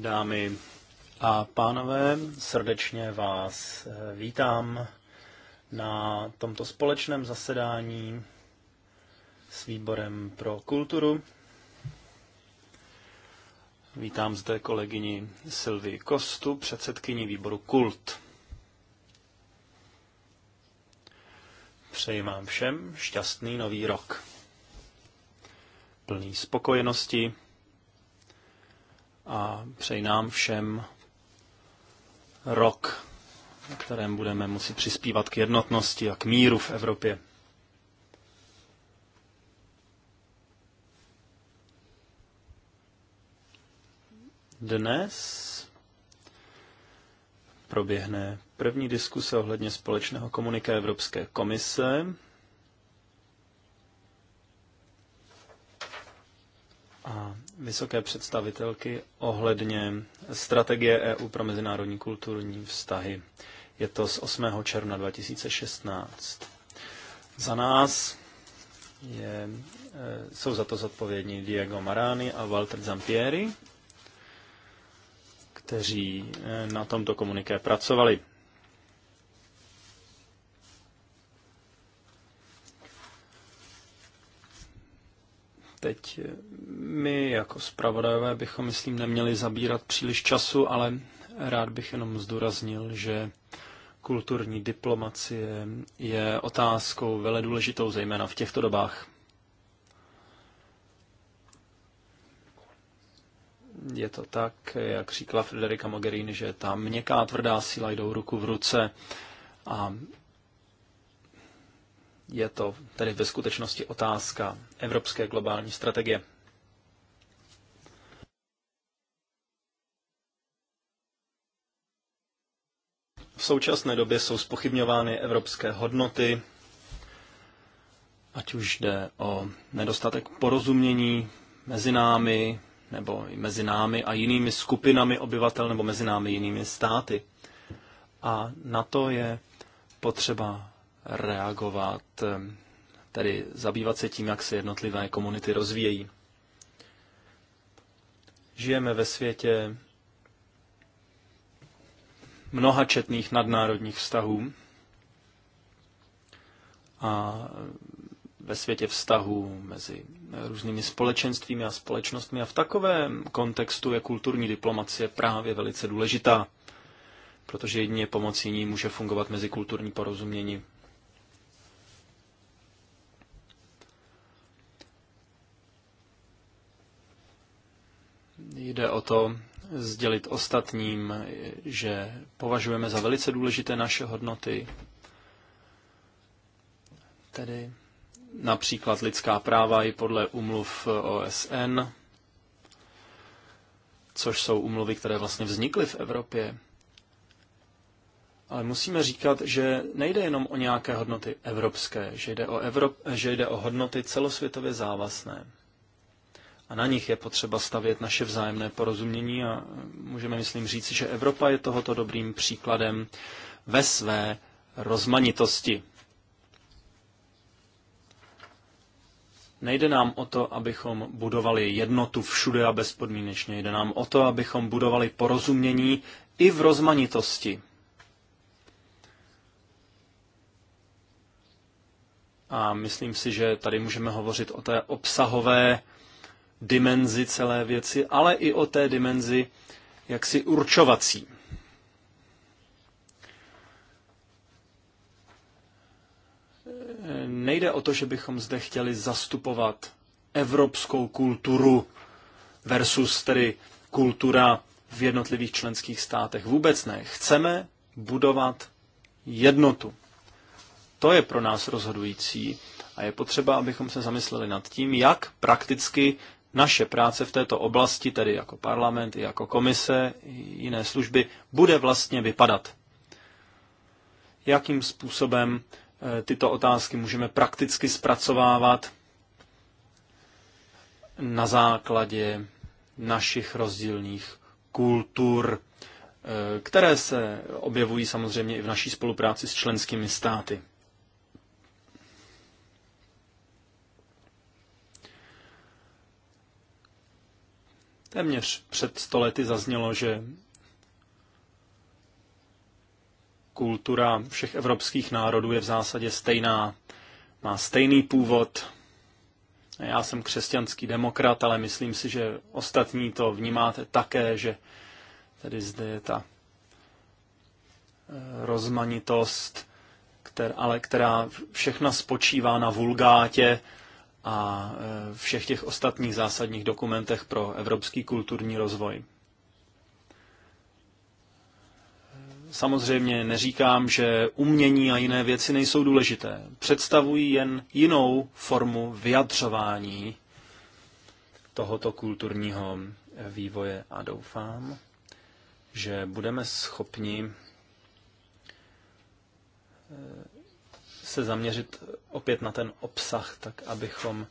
Dámy a pánové, srdečně vás eh, vítám na tomto společném zasedání s výborem pro kulturu. Vítám zde kolegyni Silvi Kostu, předsedkyni výboru Kult. Přeji vám všem šťastný nový rok plný spokojenosti a přeji nám všem rok, na kterém budeme muset přispívat k jednotnosti a k míru v Evropě. Dnes proběhne první diskuse ohledně společného komuniké Evropské komise a vysoké představitelky ohledně strategie EU pro mezinárodní kulturní vztahy. Je to z 8. června 2016. Za nás je, e, jsou za to zodpovědní Diego Marani a Walter Zampieri, kteří e, na tomto komuniké pracovali. Teď eh, my jako zpravodajové bychom, myslím, neměli zabírat příliš času, ale rád bych jenom zdůraznil, že kulturní diplomacie je otázkou vele důležitou, zejména v těchto dobách. Je to tak, jak říkala Frederika Mogherini, že ta měkká tvrdá síla jdou ruku v ruce a je to tedy ve skutečnosti otázka evropské globální strategie. V současné době jsou spochybňovány evropské hodnoty, ať už jde o nedostatek porozumění mezi námi, nebo i mezi námi a jinými skupinami obyvatel, nebo mezi námi jinými státy. A na to je potřeba reagovat, eh, tedy zabývat se tím, jak se jednotlivé komunity rozvíjejí. Žijeme ve světě mnoha četných nadnárodních vztahů a ve světě vztahů mezi různými společenstvími a společnostmi. A v takovém kontextu je kulturní diplomacie právě velice důležitá, protože jedině pomocí ní může fungovat mezi kulturní porozumění. Jde o to sdělit ostatním, že považujeme za velice důležité naše hodnoty, tedy například lidská práva i podle umluv OSN, což jsou umluvy, které vlastně vznikly v Evropě. Ale musíme říkat, že nejde jenom o nějaké hodnoty evropské, že jde o, Evrop, že jde o hodnoty celosvětově závazné a na nich je potřeba stavět naše vzájemné porozumění a můžeme, myslím, říci, že Evropa je tohoto dobrým příkladem ve své rozmanitosti. Nejde nám o to, abychom budovali jednotu všude a bezpodmínečně. Jde nám o to, abychom budovali porozumění i v rozmanitosti. A myslím si, že tady můžeme hovořit o té obsahové dimenzi celé věci, ale i o té dimenzi jaksi určovací. Nejde o to, že bychom zde chtěli zastupovat evropskou kulturu versus tedy kultura v jednotlivých členských státech. Vůbec ne. Chceme budovat jednotu. To je pro nás rozhodující a je potřeba, abychom se zamysleli nad tím, jak prakticky naše práce v této oblasti, tedy jako parlament, i jako komise, i jiné služby, bude vlastně vypadat. Jakým způsobem eh, tyto otázky můžeme prakticky zpracovávat na základě našich rozdílných kultur, eh, které se objevují samozřejmě i v naší spolupráci s členskými státy. Téměř před stolety zaznělo, že kultura všech evropských národů je v zásadě stejná, má stejný původ. Já jsem křesťanský demokrat, ale myslím si, že ostatní to vnímáte také, že tedy zde je ta eh, rozmanitost, která, ale která všechna spočívá na vulgátě a e, všech těch ostatních zásadních dokumentech pro evropský kulturní rozvoj. Samozřejmě neříkám, že umění a jiné věci nejsou důležité. Představují jen jinou formu vyjadřování tohoto kulturního vývoje a doufám, že budeme schopni e, se zaměřit opět na ten obsah, tak abychom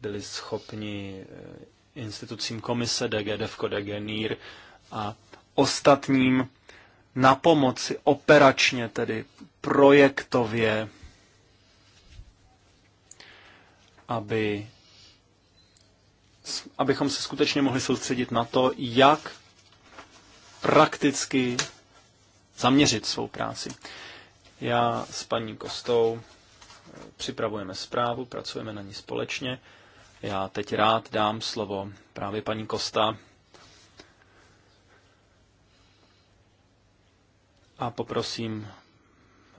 byli schopni eh, institucím komise DG, DEFCO, DG, NIR a ostatním na pomoci operačně, tedy projektově, aby, abychom se skutečně mohli soustředit na to, jak prakticky zaměřit svou práci. Já s paní Kostou eh, připravujeme zprávu, pracujeme na ní společně. Já teď rád dám slovo právě paní Kosta a poprosím,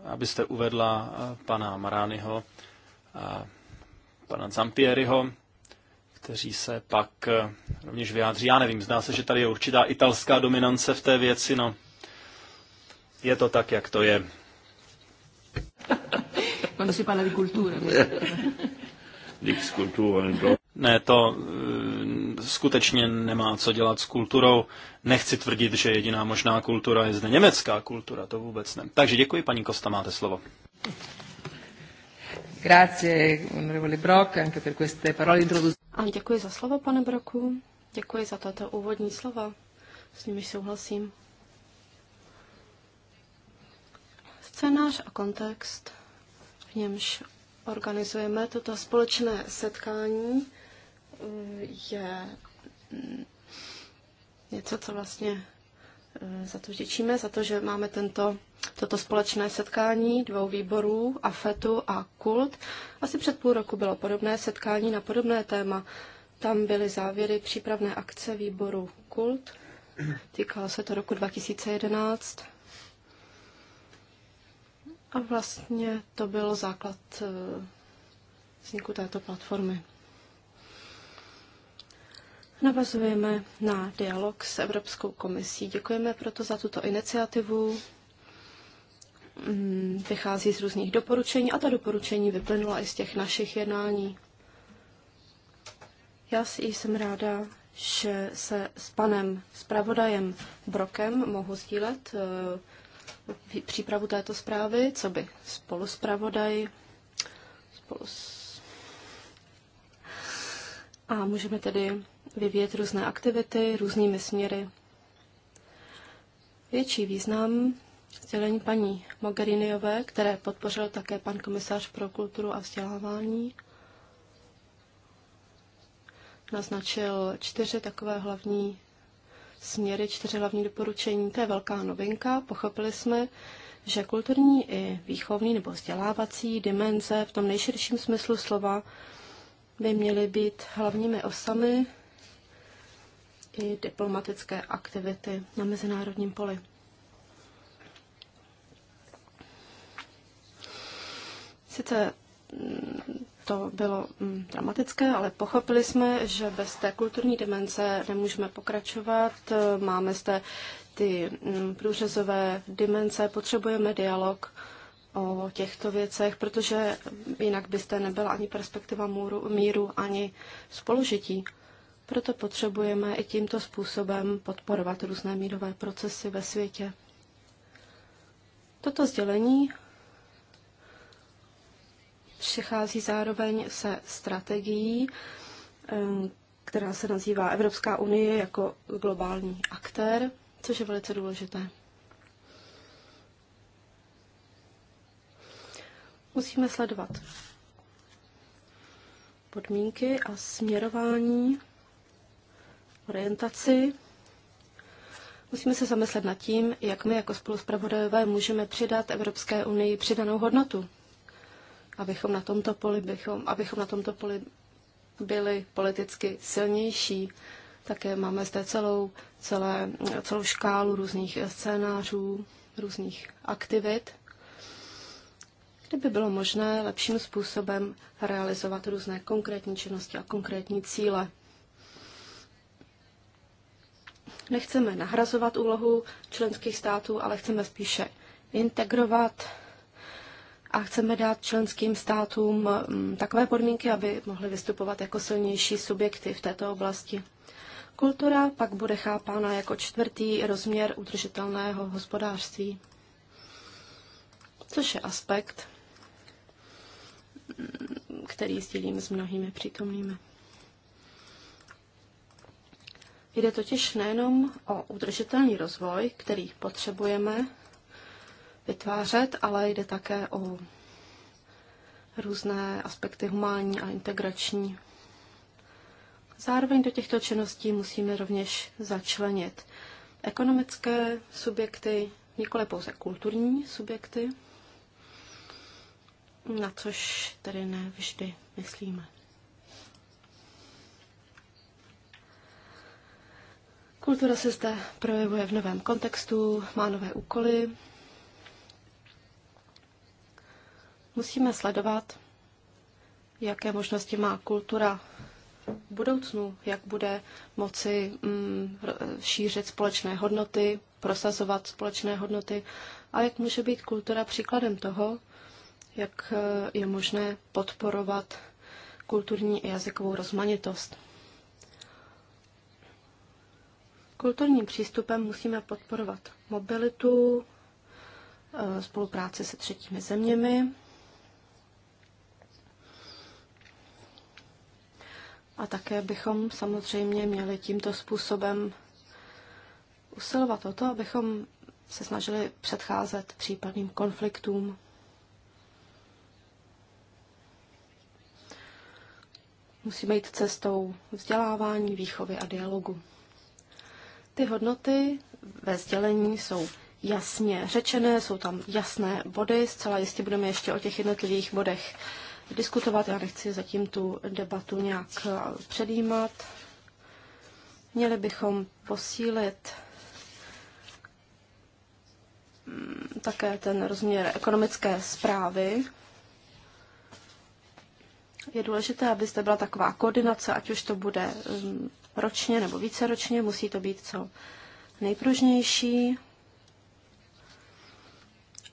abyste uvedla eh, pana Marányho a pana Zampieriho, kteří se pak eh, rovněž vyjádří. Já nevím, zdá se, že tady je určitá italská dominance v té věci, no je to tak, jak to je. Quando si parla di cultura. Ne, to eh, skutečně nemá co dělat s kulturou. Nechci tvrdit, že jediná možná kultura je zde německá kultura, to vůbec ne. Takže děkuji, paní Kosta, máte slovo. Grazie, onorevole Brock, anche per queste parole A děkuji za slovo, pane Broku. Děkuji za tato úvodní slova. S nimi souhlasím. Scénář a kontext v němž organizujeme toto společné setkání, eh, je mm, něco, co vlastně eh, za to děčíme, za to, že máme tento, toto společné setkání dvou výborů, AFETu a KULT. Asi před půl roku bylo podobné setkání na podobné téma. Tam byly závěry přípravné akce výboru KULT. Týkalo se to roku 2011. A vlastně to byl základ eh, vzniku této platformy. Navazujeme na dialog s Evropskou komisí. Děkujeme proto za tuto iniciativu. Mm, vychází z různých doporučení a ta doporučení vyplynula i z těch našich jednání. Já si jsem ráda, že se s panem zpravodajem Brokem mohu sdílet eh, přípravu této zprávy, co by spoluspravodaj, spolu s... a můžeme tedy vyvíjet různé aktivity různými směry. Větší význam sdělení paní Mogheriniové, které podpořil také pan komisař pro kulturu a vzdělávání, naznačil čtyři takové hlavní směry, čtyři hlavní doporučení. To je velká novinka. Pochopili jsme, že kulturní i výchovní nebo vzdělávací dimenze v tom nejširším smyslu slova by měly být hlavními osami i diplomatické aktivity na mezinárodním poli. Sice mm, to bylo mm, dramatické, ale pochopili jsme, že bez té kulturní dimenze nemůžeme pokračovat. Máme zde ty mm, průřezové dimenze, potřebujeme dialog o těchto věcech, protože jinak byste nebyla ani perspektiva můru, míru, ani spolužití. Proto potřebujeme i tímto způsobem podporovat různé mírové procesy ve světě. Toto sdělení přichází zároveň se strategií, která se nazývá Evropská unie jako globální aktér, což je velice důležité. Musíme sledovat podmínky a směrování, orientaci. Musíme se zamyslet nad tím, jak my jako spoluspravodajové můžeme přidat Evropské unii přidanou hodnotu abychom na tomto poli, bychom, abychom na tomto poli byli politicky silnější. Také máme zde celou, celé, celou škálu různých scénářů, různých aktivit, kde by bylo možné lepším způsobem realizovat různé konkrétní činnosti a konkrétní cíle. Nechceme nahrazovat úlohu členských států, ale chceme spíše integrovat a chceme dát členským státům mm, takové podmínky, aby mohly vystupovat jako silnější subjekty v této oblasti. Kultura pak bude chápána jako čtvrtý rozměr udržitelného hospodářství, což je aspekt, mm, který sdílím s mnohými přítomnými. Jde totiž nejenom o udržitelný rozvoj, který potřebujeme, vytvářet, ale jde také o různé aspekty humánní a integrační. Zároveň do těchto činností musíme rovněž začlenit ekonomické subjekty, nikoli pouze kulturní subjekty, na což tedy ne vždy myslíme. Kultura se zde projevuje v novém kontextu, má nové úkoly, Musíme sledovat, jaké možnosti má kultura v budoucnu, jak bude moci mm, šířit společné hodnoty, prosazovat společné hodnoty a jak může být kultura příkladem toho, jak eh, je možné podporovat kulturní i jazykovou rozmanitost. Kulturním přístupem musíme podporovat mobilitu, eh, spolupráci se třetími zeměmi A také bychom samozřejmě měli tímto způsobem usilovat o to, abychom se snažili předcházet případným konfliktům. Musíme jít cestou vzdělávání, výchovy a dialogu. Ty hodnoty ve sdělení jsou jasně řečené, jsou tam jasné body, zcela jistě budeme ještě o těch jednotlivých bodech diskutovat. Já nechci zatím tu debatu nějak eh, předjímat. Měli bychom posílit mm, také ten rozměr ekonomické zprávy. Je důležité, aby zde byla taková koordinace, ať už to bude mm, ročně nebo víceročně, musí to být co nejpružnější.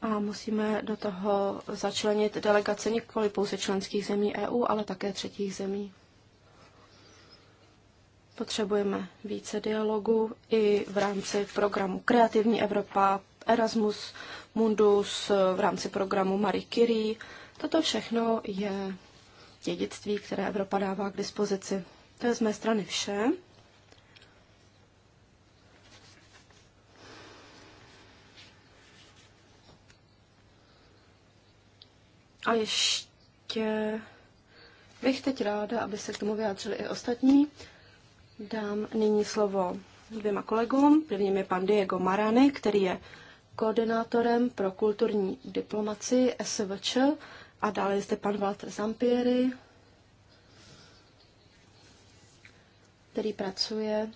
A musíme do toho začlenit delegace nikoli pouze členských zemí EU, ale také třetích zemí. Potřebujeme více dialogu i v rámci programu Kreativní Evropa, Erasmus Mundus, v rámci programu Marie Curie. Toto všechno je dědictví, které Evropa dává k dispozici. To je z mé strany vše. A ještě bych teď ráda, aby se k tomu vyjádřili i ostatní. Dám nyní slovo dvěma kolegům. Prvním je pan Diego Marany, který je koordinátorem pro kulturní diplomaci SVČ a dále je zde pan Walter Zampieri, který pracuje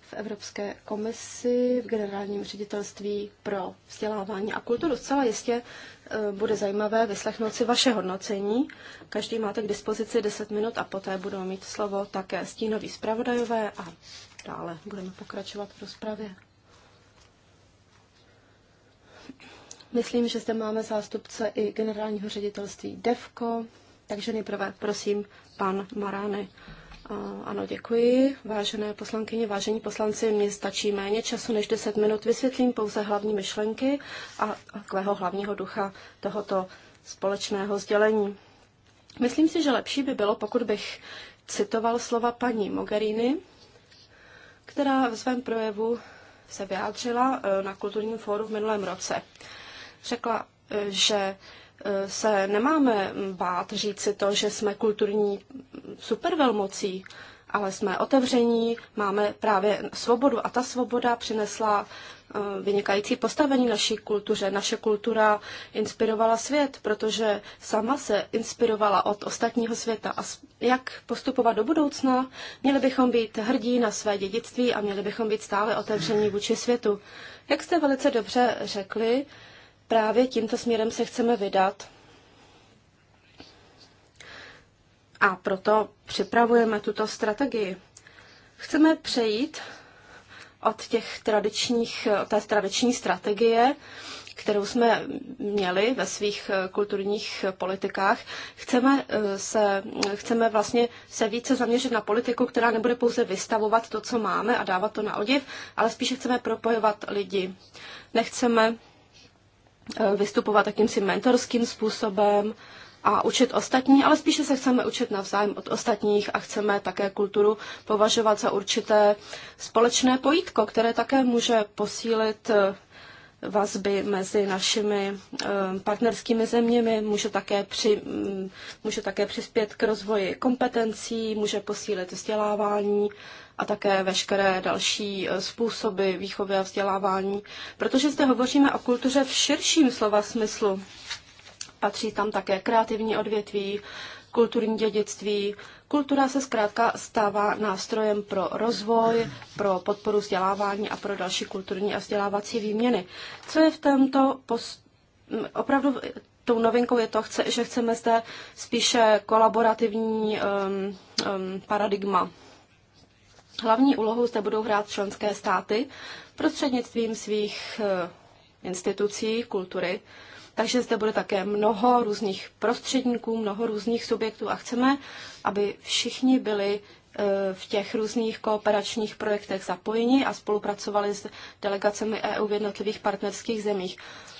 v Evropské komisi v generálním ředitelství pro vzdělávání a kulturu. Zcela jistě Eh, bude zajímavé vyslechnout si vaše hodnocení. Každý máte k dispozici 10 minut a poté budou mít slovo také stínoví zpravodajové a dále budeme pokračovat v rozpravě. Myslím, že zde máme zástupce i generálního ředitelství DEVKO, takže nejprve prosím pan Marány. Ano, děkuji. Vážené poslankyně, vážení poslanci, mně stačí méně času než 10 minut. Vysvětlím pouze hlavní myšlenky a takového hlavního ducha tohoto společného sdělení. Myslím si, že lepší by bylo, pokud bych citoval slova paní Mogherini, která ve svém projevu se vyjádřila e, na kulturním fóru v minulém roce. Řekla, e, že se nemáme bát říci to, že jsme kulturní supervelmocí, ale jsme otevření, máme právě svobodu a ta svoboda přinesla eh, vynikající postavení naší kultuře. Naše kultura inspirovala svět, protože sama se inspirovala od ostatního světa. A jak postupovat do budoucna? Měli bychom být hrdí na své dědictví a měli bychom být stále otevření vůči světu. Jak jste velice dobře řekli, právě tímto směrem se chceme vydat. A proto připravujeme tuto strategii. Chceme přejít od těch tradičních, od té tradiční strategie, kterou jsme měli ve svých eh, kulturních politikách. Chceme, eh, se, chceme vlastně se více zaměřit na politiku, která nebude pouze vystavovat to, co máme a dávat to na odiv, ale spíše chceme propojovat lidi. Nechceme Eh, vystupovat jakýmsi mentorským způsobem a učit ostatní, ale spíše se chceme učit navzájem od ostatních a chceme také kulturu považovat za určité společné pojítko, které také může posílit eh, vazby mezi našimi eh, partnerskými zeměmi, může také, při, mm, může také přispět k rozvoji kompetencí, může posílit vzdělávání a také veškeré další eh, způsoby výchovy a vzdělávání, protože zde hovoříme o kultuře v širším slova smyslu. Patří tam také kreativní odvětví, kulturní dědictví. Kultura se zkrátka stává nástrojem pro rozvoj, pro podporu vzdělávání a pro další kulturní a vzdělávací výměny. Co je v tomto pos- opravdu tou novinkou je to, že chceme zde spíše kolaborativní um, um, paradigma Hlavní úlohu zde budou hrát členské státy prostřednictvím svých eh, institucí kultury. Takže zde bude také mnoho různých prostředníků, mnoho různých subjektů a chceme, aby všichni byli eh, v těch různých kooperačních projektech zapojeni a spolupracovali s delegacemi EU v jednotlivých partnerských zemích.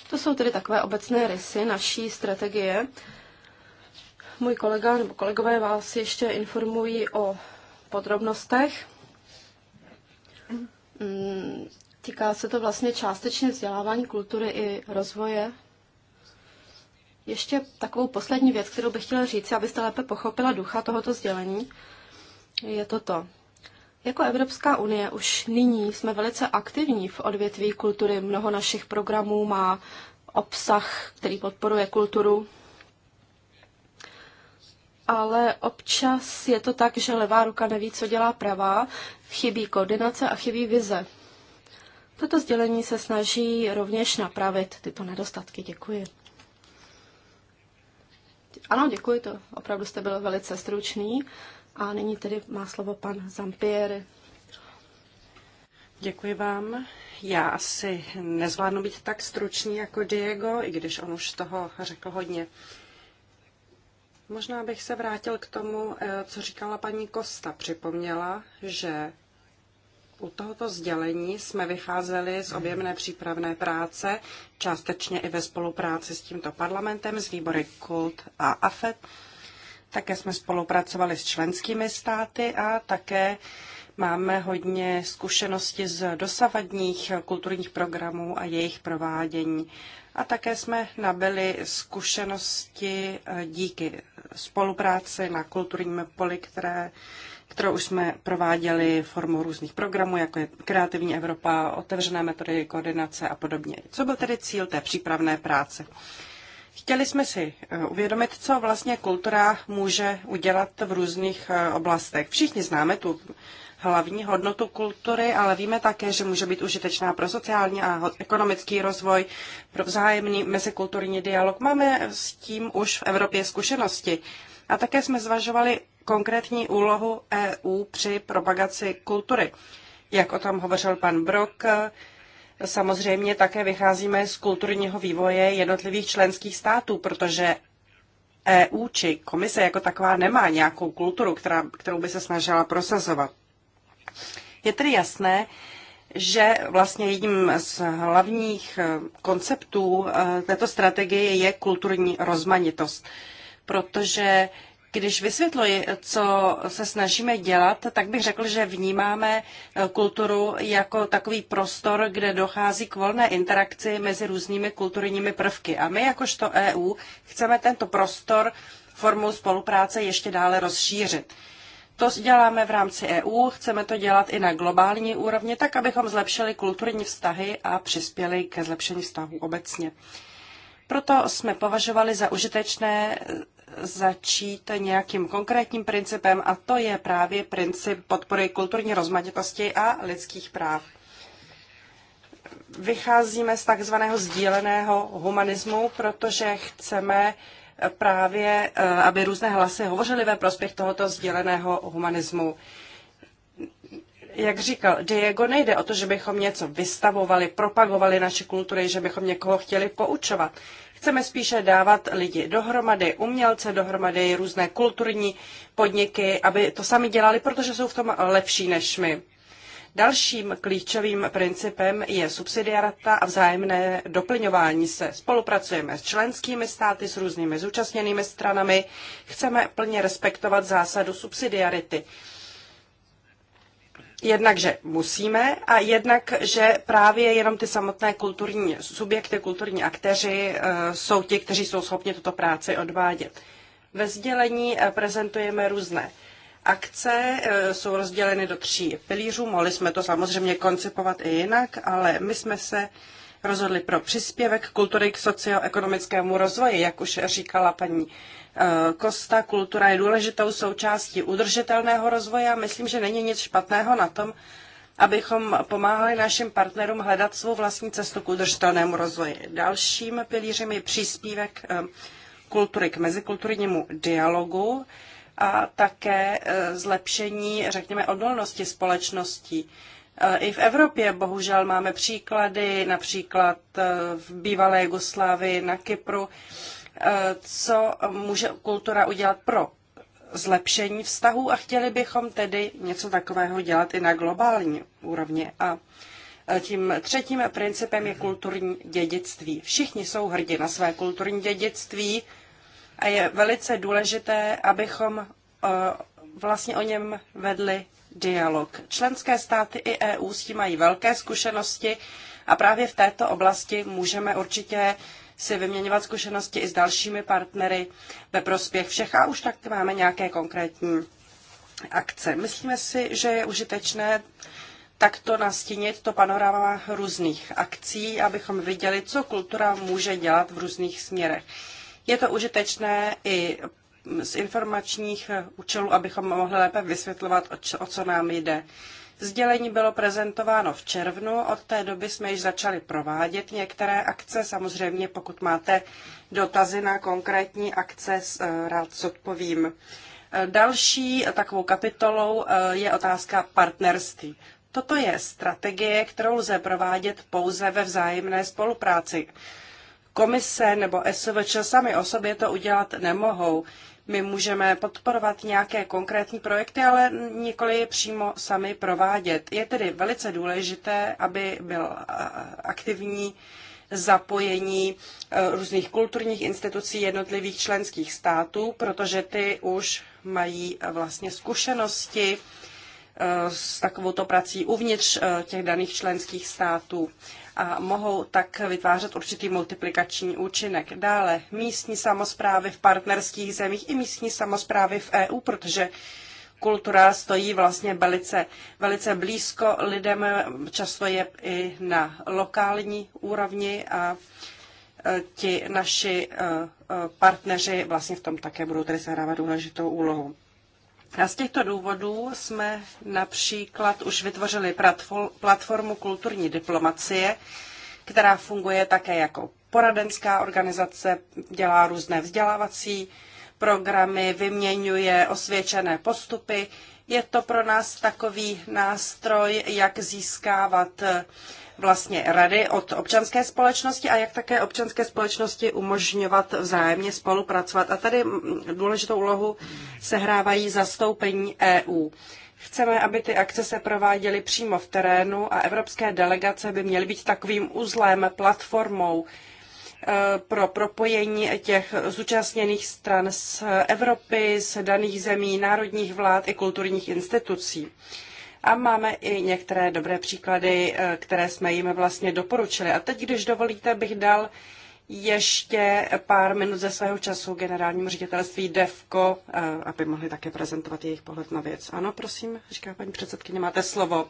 To jsou tedy takové obecné rysy naší strategie. Můj kolega nebo kolegové vás ještě informují o podrobnostech. Mm, týká se to vlastně částečně vzdělávání kultury i rozvoje. Ještě takovou poslední věc, kterou bych chtěla říct, abyste lépe pochopila ducha tohoto sdělení, je toto. Jako Evropská unie už nyní jsme velice aktivní v odvětví kultury. Mnoho našich programů má obsah, který podporuje kulturu, ale občas je to tak, že levá ruka neví, co dělá pravá, chybí koordinace a chybí vize. Toto sdělení se snaží rovněž napravit tyto nedostatky. Děkuji. Ano, děkuji, to opravdu jste byl velice stručný. A nyní tedy má slovo pan Zampieri. Děkuji vám. Já asi nezvládnu být tak stručný jako Diego, i když on už toho řekl hodně. Možná bych se vrátil k tomu, eh, co říkala paní Kosta. Připomněla, že u tohoto sdělení jsme vycházeli z objemné přípravné práce, částečně i ve spolupráci s tímto parlamentem, s výbory KULT a AFET. Také jsme spolupracovali s členskými státy a také máme hodně zkušenosti z dosavadních kulturních programů a jejich provádění a také jsme nabili zkušenosti eh, díky spolupráci na kulturním poli, které, kterou jsme prováděli formou různých programů, jako je Kreativní Evropa, otevřené metody koordinace a podobně. Co byl tedy cíl té přípravné práce? Chtěli jsme si eh, uvědomit, co vlastně kultura může udělat v různých eh, oblastech. Všichni známe tu hlavní hodnotu kultury, ale víme také, že může být užitečná pro sociální a ekonomický rozvoj, pro vzájemný mezikulturní dialog. Máme s tím už v Evropě zkušenosti. A také jsme zvažovali konkrétní úlohu EU při propagaci kultury. Jak o tom hovořil pan Brok, samozřejmě také vycházíme z kulturního vývoje jednotlivých členských států, protože EU či komise jako taková nemá nějakou kulturu, která, kterou by se snažila prosazovat. Je tedy jasné, že vlastně jedním z hlavních eh, konceptů eh, této strategie je kulturní rozmanitost, protože když vysvětluji, co se snažíme dělat, tak bych řekl, že vnímáme eh, kulturu jako takový prostor, kde dochází k volné interakci mezi různými kulturními prvky. A my jakožto EU chceme tento prostor formou spolupráce ještě dále rozšířit. To děláme v rámci EU, chceme to dělat i na globální úrovni, tak abychom zlepšili kulturní vztahy a přispěli ke zlepšení vztahů obecně. Proto jsme považovali za užitečné e, začít nějakým konkrétním principem a to je právě princip podpory kulturní rozmanitosti a lidských práv. Vycházíme z takzvaného sdíleného humanismu, protože chceme právě, eh, aby různé hlasy hovořily ve prospěch tohoto sděleného humanismu. Jak říkal Diego, nejde o to, že bychom něco vystavovali, propagovali naše kultury, že bychom někoho chtěli poučovat. Chceme spíše dávat lidi dohromady, umělce dohromady, různé kulturní podniky, aby to sami dělali, protože jsou v tom lepší než my. Dalším klíčovým principem je subsidiarita a vzájemné doplňování se. Spolupracujeme s členskými státy, s různými zúčastněnými stranami. Chceme plně respektovat zásadu subsidiarity. Jednak, že musíme a jednak, že právě jenom ty samotné kulturní subjekty, kulturní akteři eh, jsou ti, kteří jsou schopni tuto práci odvádět. Ve sdělení eh, prezentujeme různé akce eh, jsou rozděleny do tří pilířů. Mohli jsme to samozřejmě koncipovat i jinak, ale my jsme se rozhodli pro příspěvek kultury k socioekonomickému rozvoji. Jak už říkala paní eh, Kosta, kultura je důležitou součástí udržitelného rozvoje a myslím, že není nic špatného na tom, abychom pomáhali našim partnerům hledat svou vlastní cestu k udržitelnému rozvoji. Dalším pilířem je příspěvek eh, kultury k mezikulturnímu dialogu a také e, zlepšení, řekněme, odolnosti společností. E, I v Evropě bohužel máme příklady, například e, v bývalé Jugoslávii na Kypru, co může kultura udělat pro zlepšení vztahů a chtěli bychom tedy něco takového dělat i na globální úrovni. A tím třetím principem je kulturní dědictví. Všichni jsou hrdí na své kulturní dědictví, a je velice důležité, abychom eh, vlastně o něm vedli dialog. Členské státy i EU s tím mají velké zkušenosti a právě v této oblasti můžeme určitě si vyměňovat zkušenosti i s dalšími partnery ve prospěch všech a už tak máme nějaké konkrétní akce. Myslíme si, že je užitečné takto nastínit to panorama různých akcí, abychom viděli, co kultura může dělat v různých směrech. Je to užitečné i z informačních účelů, abychom mohli lépe vysvětlovat, o co nám jde. Sdělení bylo prezentováno v červnu, od té doby jsme již začali provádět některé akce. Samozřejmě, pokud máte dotazy na konkrétní akce, eh, rád zodpovím. Další takovou kapitolou eh, je otázka partnerství. Toto je strategie, kterou lze provádět pouze ve vzájemné spolupráci komise nebo SVČ sami o sobě to udělat nemohou. My můžeme podporovat nějaké konkrétní projekty, ale nikoli je přímo sami provádět. Je tedy velice důležité, aby byl aktivní zapojení e, různých kulturních institucí jednotlivých členských států, protože ty už mají vlastně zkušenosti e, s takovouto prací uvnitř e, těch daných členských států a mohou tak vytvářet určitý multiplikační účinek. Dále místní samozprávy v partnerských zemích i místní samozprávy v EU, protože kultura stojí vlastně velice, velice blízko lidem, často je i na lokální úrovni a e, ti naši e, e, partneři vlastně v tom také budou tedy sehrávat důležitou úlohu. A z těchto důvodů jsme například už vytvořili platformu kulturní diplomacie, která funguje také jako poradenská organizace, dělá různé vzdělávací programy, vyměňuje osvědčené postupy. Je to pro nás takový nástroj, jak získávat vlastně rady od občanské společnosti a jak také občanské společnosti umožňovat vzájemně spolupracovat. A tady mm, důležitou úlohu sehrávají zastoupení EU. Chceme, aby ty akce se prováděly přímo v terénu a evropské delegace by měly být takovým uzlem, platformou, e, pro propojení těch zúčastněných stran z Evropy, z daných zemí, národních vlád i kulturních institucí. A máme i některé dobré příklady, eh, které jsme jim vlastně doporučili. A teď, když dovolíte, bych dal ještě pár minut ze svého času generálnímu ředitelství DEVKO, eh, aby mohli také prezentovat jejich pohled na věc. Ano, prosím, říká paní předsedkyně, máte slovo.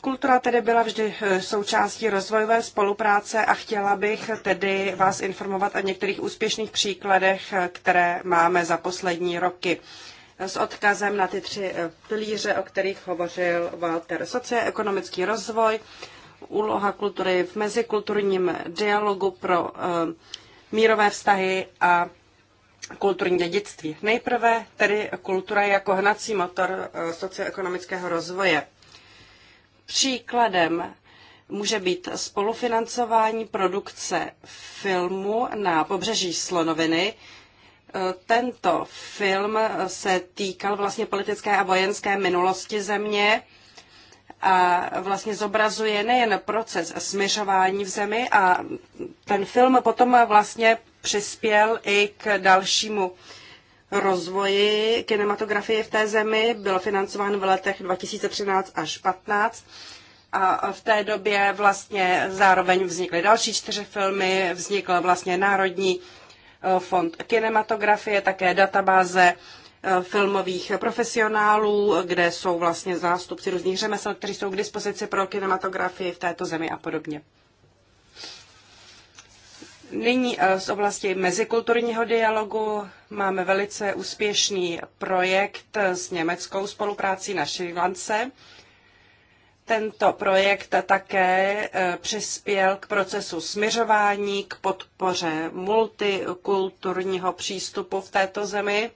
Kultura tedy byla vždy eh, součástí rozvojové spolupráce a chtěla bych tedy vás informovat o některých úspěšných příkladech, které máme za poslední roky s odkazem na ty tři eh, pilíře, o kterých hovořil Walter. Socioekonomický rozvoj, úloha kultury v mezikulturním dialogu pro eh, mírové vztahy a kulturní dědictví. Nejprve tedy kultura jako hnací motor eh, socioekonomického rozvoje. Příkladem může být spolufinancování produkce filmu na pobřeží Slonoviny, tento film se týkal vlastně politické a vojenské minulosti země a vlastně zobrazuje nejen proces směřování v zemi a ten film potom vlastně přispěl i k dalšímu rozvoji kinematografie v té zemi. Byl financován v letech 2013 až 2015 a v té době vlastně zároveň vznikly další čtyři filmy, vznikl vlastně Národní Eh, fond kinematografie, také databáze eh, filmových profesionálů, kde jsou vlastně zástupci různých řemesel, kteří jsou k dispozici pro kinematografii v této zemi a podobně. Nyní eh, z oblasti mezikulturního dialogu máme velice úspěšný projekt s německou spoluprácí na Šrilance. Tento projekt také e, přispěl k procesu směřování, k podpoře multikulturního přístupu v této zemi.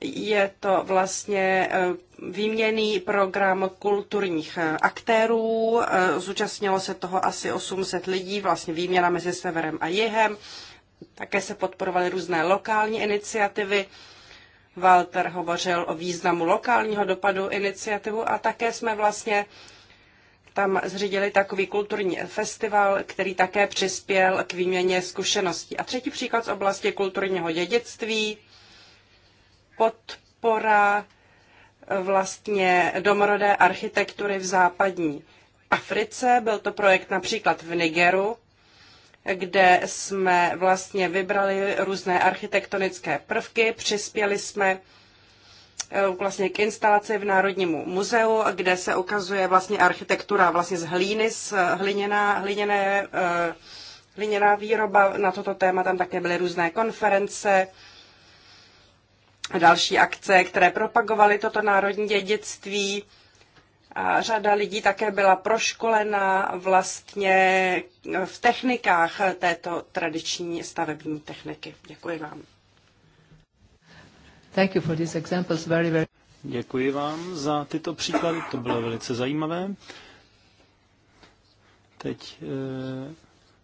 Je to vlastně e, výměný program kulturních e, aktérů. Zúčastnilo se toho asi 800 lidí, vlastně výměna mezi severem a jihem. Také se podporovaly různé lokální iniciativy. Walter hovořil o významu lokálního dopadu iniciativu a také jsme vlastně tam zřídili takový kulturní festival, který také přispěl k výměně zkušeností. A třetí příklad z oblasti kulturního dědictví, podpora eh, vlastně domorodé architektury v západní Africe. Byl to projekt například v Nigeru, kde jsme vlastně vybrali různé architektonické prvky, přispěli jsme eh, vlastně k instalaci v Národnímu muzeu, kde se ukazuje vlastně architektura vlastně z hlíny, z hliněná, hliněné, eh, hliněná výroba. Na toto téma tam také byly různé konference, další akce, které propagovaly toto národní dědictví a řada lidí také byla proškolena vlastně v technikách této tradiční stavební techniky. Děkuji vám. Thank you for these examples. Very, very... Děkuji vám za tyto příklady, to bylo velice zajímavé. Teď e,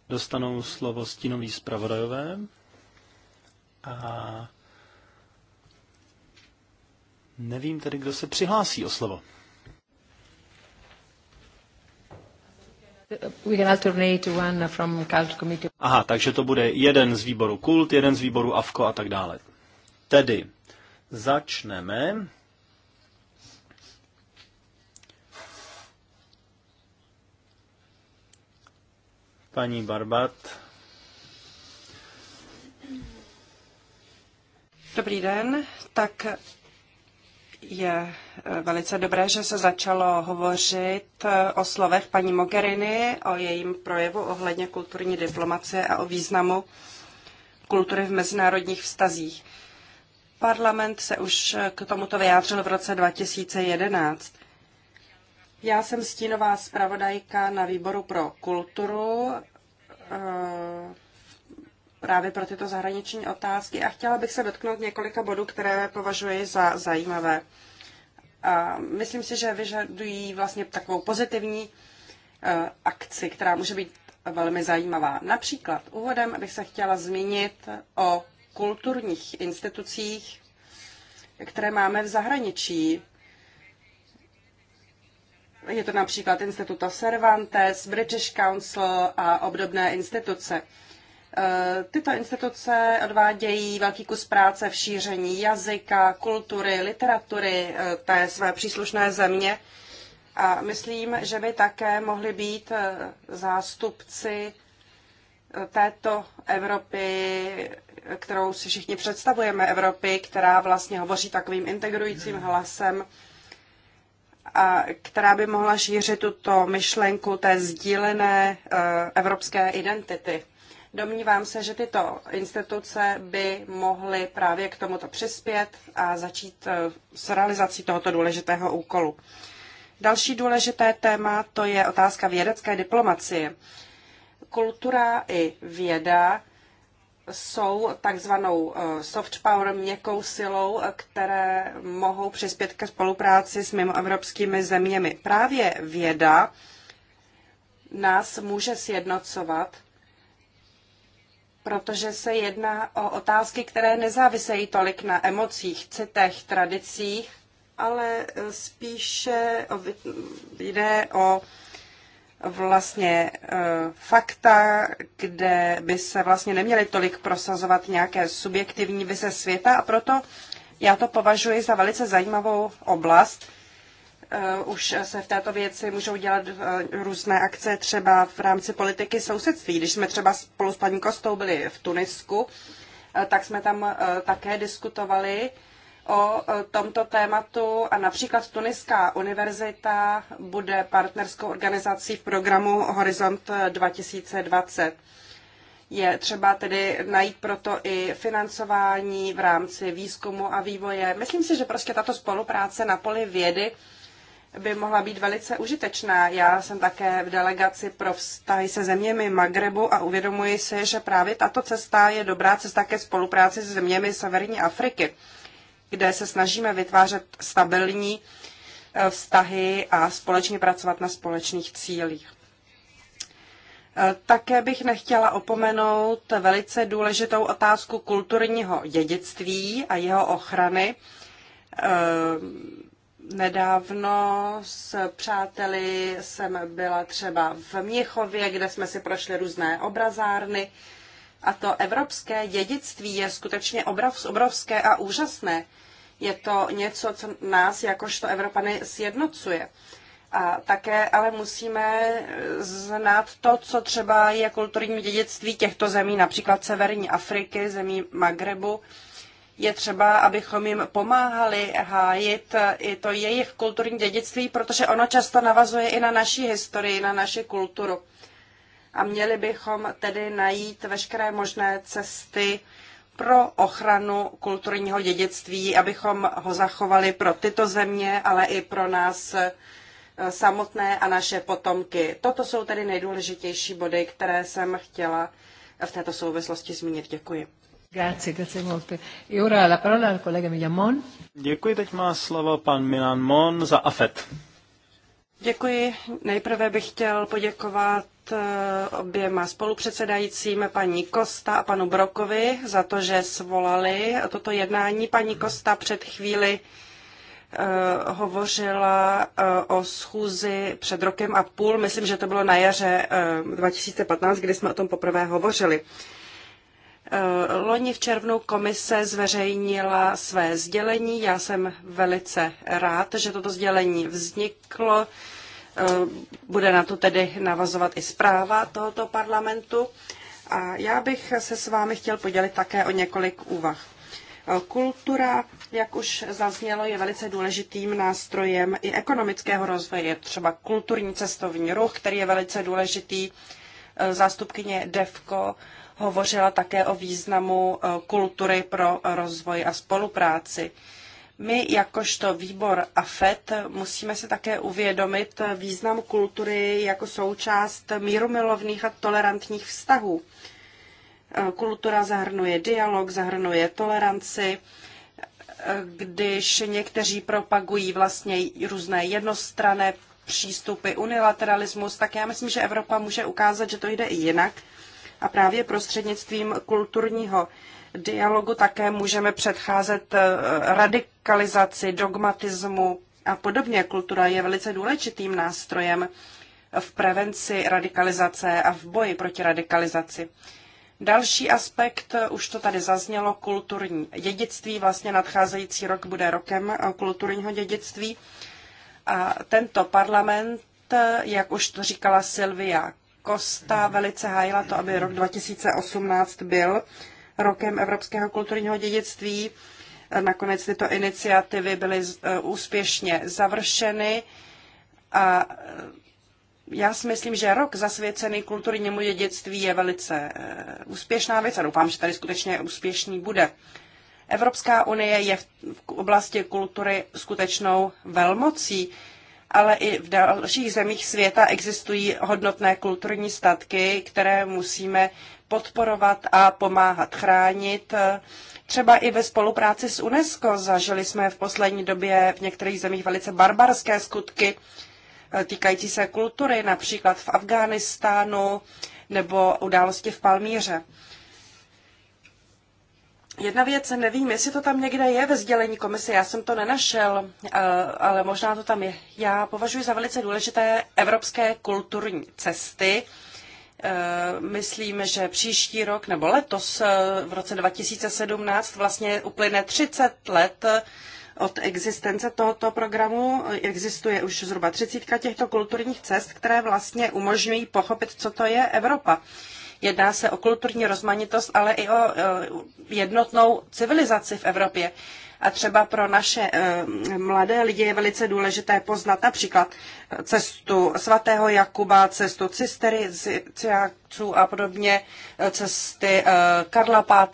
dostanou slovo stínový zpravodajové a nevím tedy, kdo se přihlásí o slovo. We can alternate one from cult committee. Aha, takže to bude jeden z výboru Kult, jeden z výboru Avko a tak dále. Tedy začneme paní Barbat. Dobrý den, tak je eh, velice dobré, že se začalo hovořit eh, o slovech paní Mogherini, o jejím projevu ohledně kulturní diplomacie a o významu kultury v mezinárodních vztazích. Parlament se už eh, k tomuto vyjádřil v roce 2011. Já jsem stínová zpravodajka na výboru pro kulturu právě pro tyto zahraniční otázky a chtěla bych se dotknout několika bodů, které považuji za zajímavé. A myslím si, že vyžadují vlastně takovou pozitivní e, akci, která může být velmi zajímavá. Například úvodem bych se chtěla zmínit o kulturních institucích, které máme v zahraničí. Je to například Instituto Cervantes, British Council a obdobné instituce. Eh, tyto instituce odvádějí velký kus práce v šíření jazyka, kultury, literatury eh, té své příslušné země. A myslím, že by také mohli být eh, zástupci této Evropy, kterou si všichni představujeme, Evropy, která vlastně hovoří takovým integrujícím hlasem a která by mohla šířit tuto myšlenku té sdílené evropské identity. Domnívám se, že tyto instituce by mohly právě k tomuto přispět a začít eh, s realizací tohoto důležitého úkolu. Další důležité téma to je otázka vědecké diplomacie. Kultura i věda jsou takzvanou eh, soft power, měkkou silou, které mohou přispět ke spolupráci s mimoevropskými zeměmi. Právě věda nás může sjednocovat protože se jedná o otázky, které nezávisejí tolik na emocích, citech, tradicích, ale eh, spíše jde o vlastně eh, fakta, kde by se vlastně neměly tolik prosazovat nějaké subjektivní vize světa a proto já to považuji za velice zajímavou oblast, Eh, už se v této věci můžou dělat eh, různé akce třeba v rámci politiky sousedství. Když jsme třeba spolu s paní Kostou byli v Tunisku, eh, tak jsme tam také diskutovali o tomto tématu a například Tuniská univerzita bude partnerskou organizací v programu Horizont 2020. Je třeba tedy najít proto i financování v rámci výzkumu a vývoje. Myslím si, že prostě tato spolupráce na poli vědy by mohla být velice užitečná. Já jsem také v delegaci pro vztahy se zeměmi Magrebu a uvědomuji si, že právě tato cesta je dobrá cesta ke spolupráci s zeměmi Severní Afriky, kde se snažíme vytvářet stabilní eh, vztahy a společně pracovat na společných cílích. Eh, také bych nechtěla opomenout velice důležitou otázku kulturního dědictví a jeho ochrany eh, Nedávno s přáteli jsem byla třeba v Měchově, kde jsme si prošli různé obrazárny. A to evropské dědictví je skutečně obrovské a úžasné. Je to něco, co nás jakožto Evropany sjednocuje. A také ale musíme znát to, co třeba je kulturní dědictví těchto zemí, například Severní Afriky, zemí Magrebu, je třeba, abychom jim pomáhali hájit i to jejich kulturní dědictví, protože ono často navazuje i na naší historii, na naši kulturu. A měli bychom tedy najít veškeré možné cesty pro ochranu kulturního dědictví, abychom ho zachovali pro tyto země, ale i pro nás eh, samotné a naše potomky. Toto jsou tedy nejdůležitější body, které jsem chtěla v této souvislosti zmínit. Děkuji. Grazie, grazie E ora la parola al collega Milan Mon. Děkuji, teď má slovo pan Milan Mon za AFET. Děkuji. Nejprve bych chtěl poděkovat eh, oběma spolupředsedajícím, paní Kosta a panu Brokovi, za to, že svolali toto jednání. Paní Kosta před chvíli eh, hovořila eh, o schůzi před rokem a půl. Myslím, že to bylo na jaře 2015, kdy jsme o tom poprvé hovořili. Eh, loni v červnu komise zveřejnila své sdělení. Já jsem velice rád, že toto sdělení vzniklo. Eh, bude na to tedy navazovat i zpráva tohoto parlamentu. A já bych se s vámi chtěl podělit také o několik úvah. Eh, kultura, jak už zaznělo, je velice důležitým nástrojem i ekonomického rozvoje. Třeba kulturní cestovní ruch, který je velice důležitý. Zástupkyně DEVKO hovořila také o významu e, kultury pro rozvoj a spolupráci. My jakožto výbor AFET musíme se také uvědomit význam kultury jako součást mírumilovných a tolerantních vztahů. E, kultura zahrnuje dialog, zahrnuje toleranci, e, když někteří propagují vlastně různé jednostrané přístupy, unilateralismus, tak já myslím, že Evropa může ukázat, že to jde i jinak a právě prostřednictvím kulturního dialogu také můžeme předcházet eh, radikalizaci, dogmatismu a podobně. Kultura je velice důležitým nástrojem v prevenci radikalizace a v boji proti radikalizaci. Další aspekt, eh, už to tady zaznělo, kulturní dědictví. Vlastně nadcházející rok bude rokem eh, kulturního dědictví. A tento parlament, jak už to říkala Silvia Kosta velice hájila to, aby rok 2018 byl rokem evropského kulturního dědictví. Nakonec tyto iniciativy byly eh, úspěšně završeny a eh, já si myslím, že rok zasvěcený kulturnímu dědictví je velice eh, úspěšná věc a doufám, že tady skutečně úspěšný bude. Evropská unie je v oblasti kultury skutečnou velmocí ale i v dalších zemích světa existují hodnotné kulturní statky, které musíme podporovat a pomáhat chránit. Třeba i ve spolupráci s UNESCO zažili jsme v poslední době v některých zemích velice barbarské skutky eh, týkající se kultury, například v Afghánistánu nebo události v Palmíře. Jedna věc, nevím, jestli to tam někde je ve sdělení komise, já jsem to nenašel, eh, ale možná to tam je. Já považuji za velice důležité evropské kulturní cesty. Eh, myslím, že příští rok nebo letos eh, v roce 2017 vlastně uplyne 30 let od existence tohoto programu. Existuje už zhruba třicítka těchto kulturních cest, které vlastně umožňují pochopit, co to je Evropa. Jedná se o kulturní rozmanitost, ale i o e, jednotnou civilizaci v Evropě. A třeba pro naše e, mladé lidi je velice důležité poznat například cestu svatého Jakuba, cestu cistery, ciáců a podobně, e, cesty Karla V.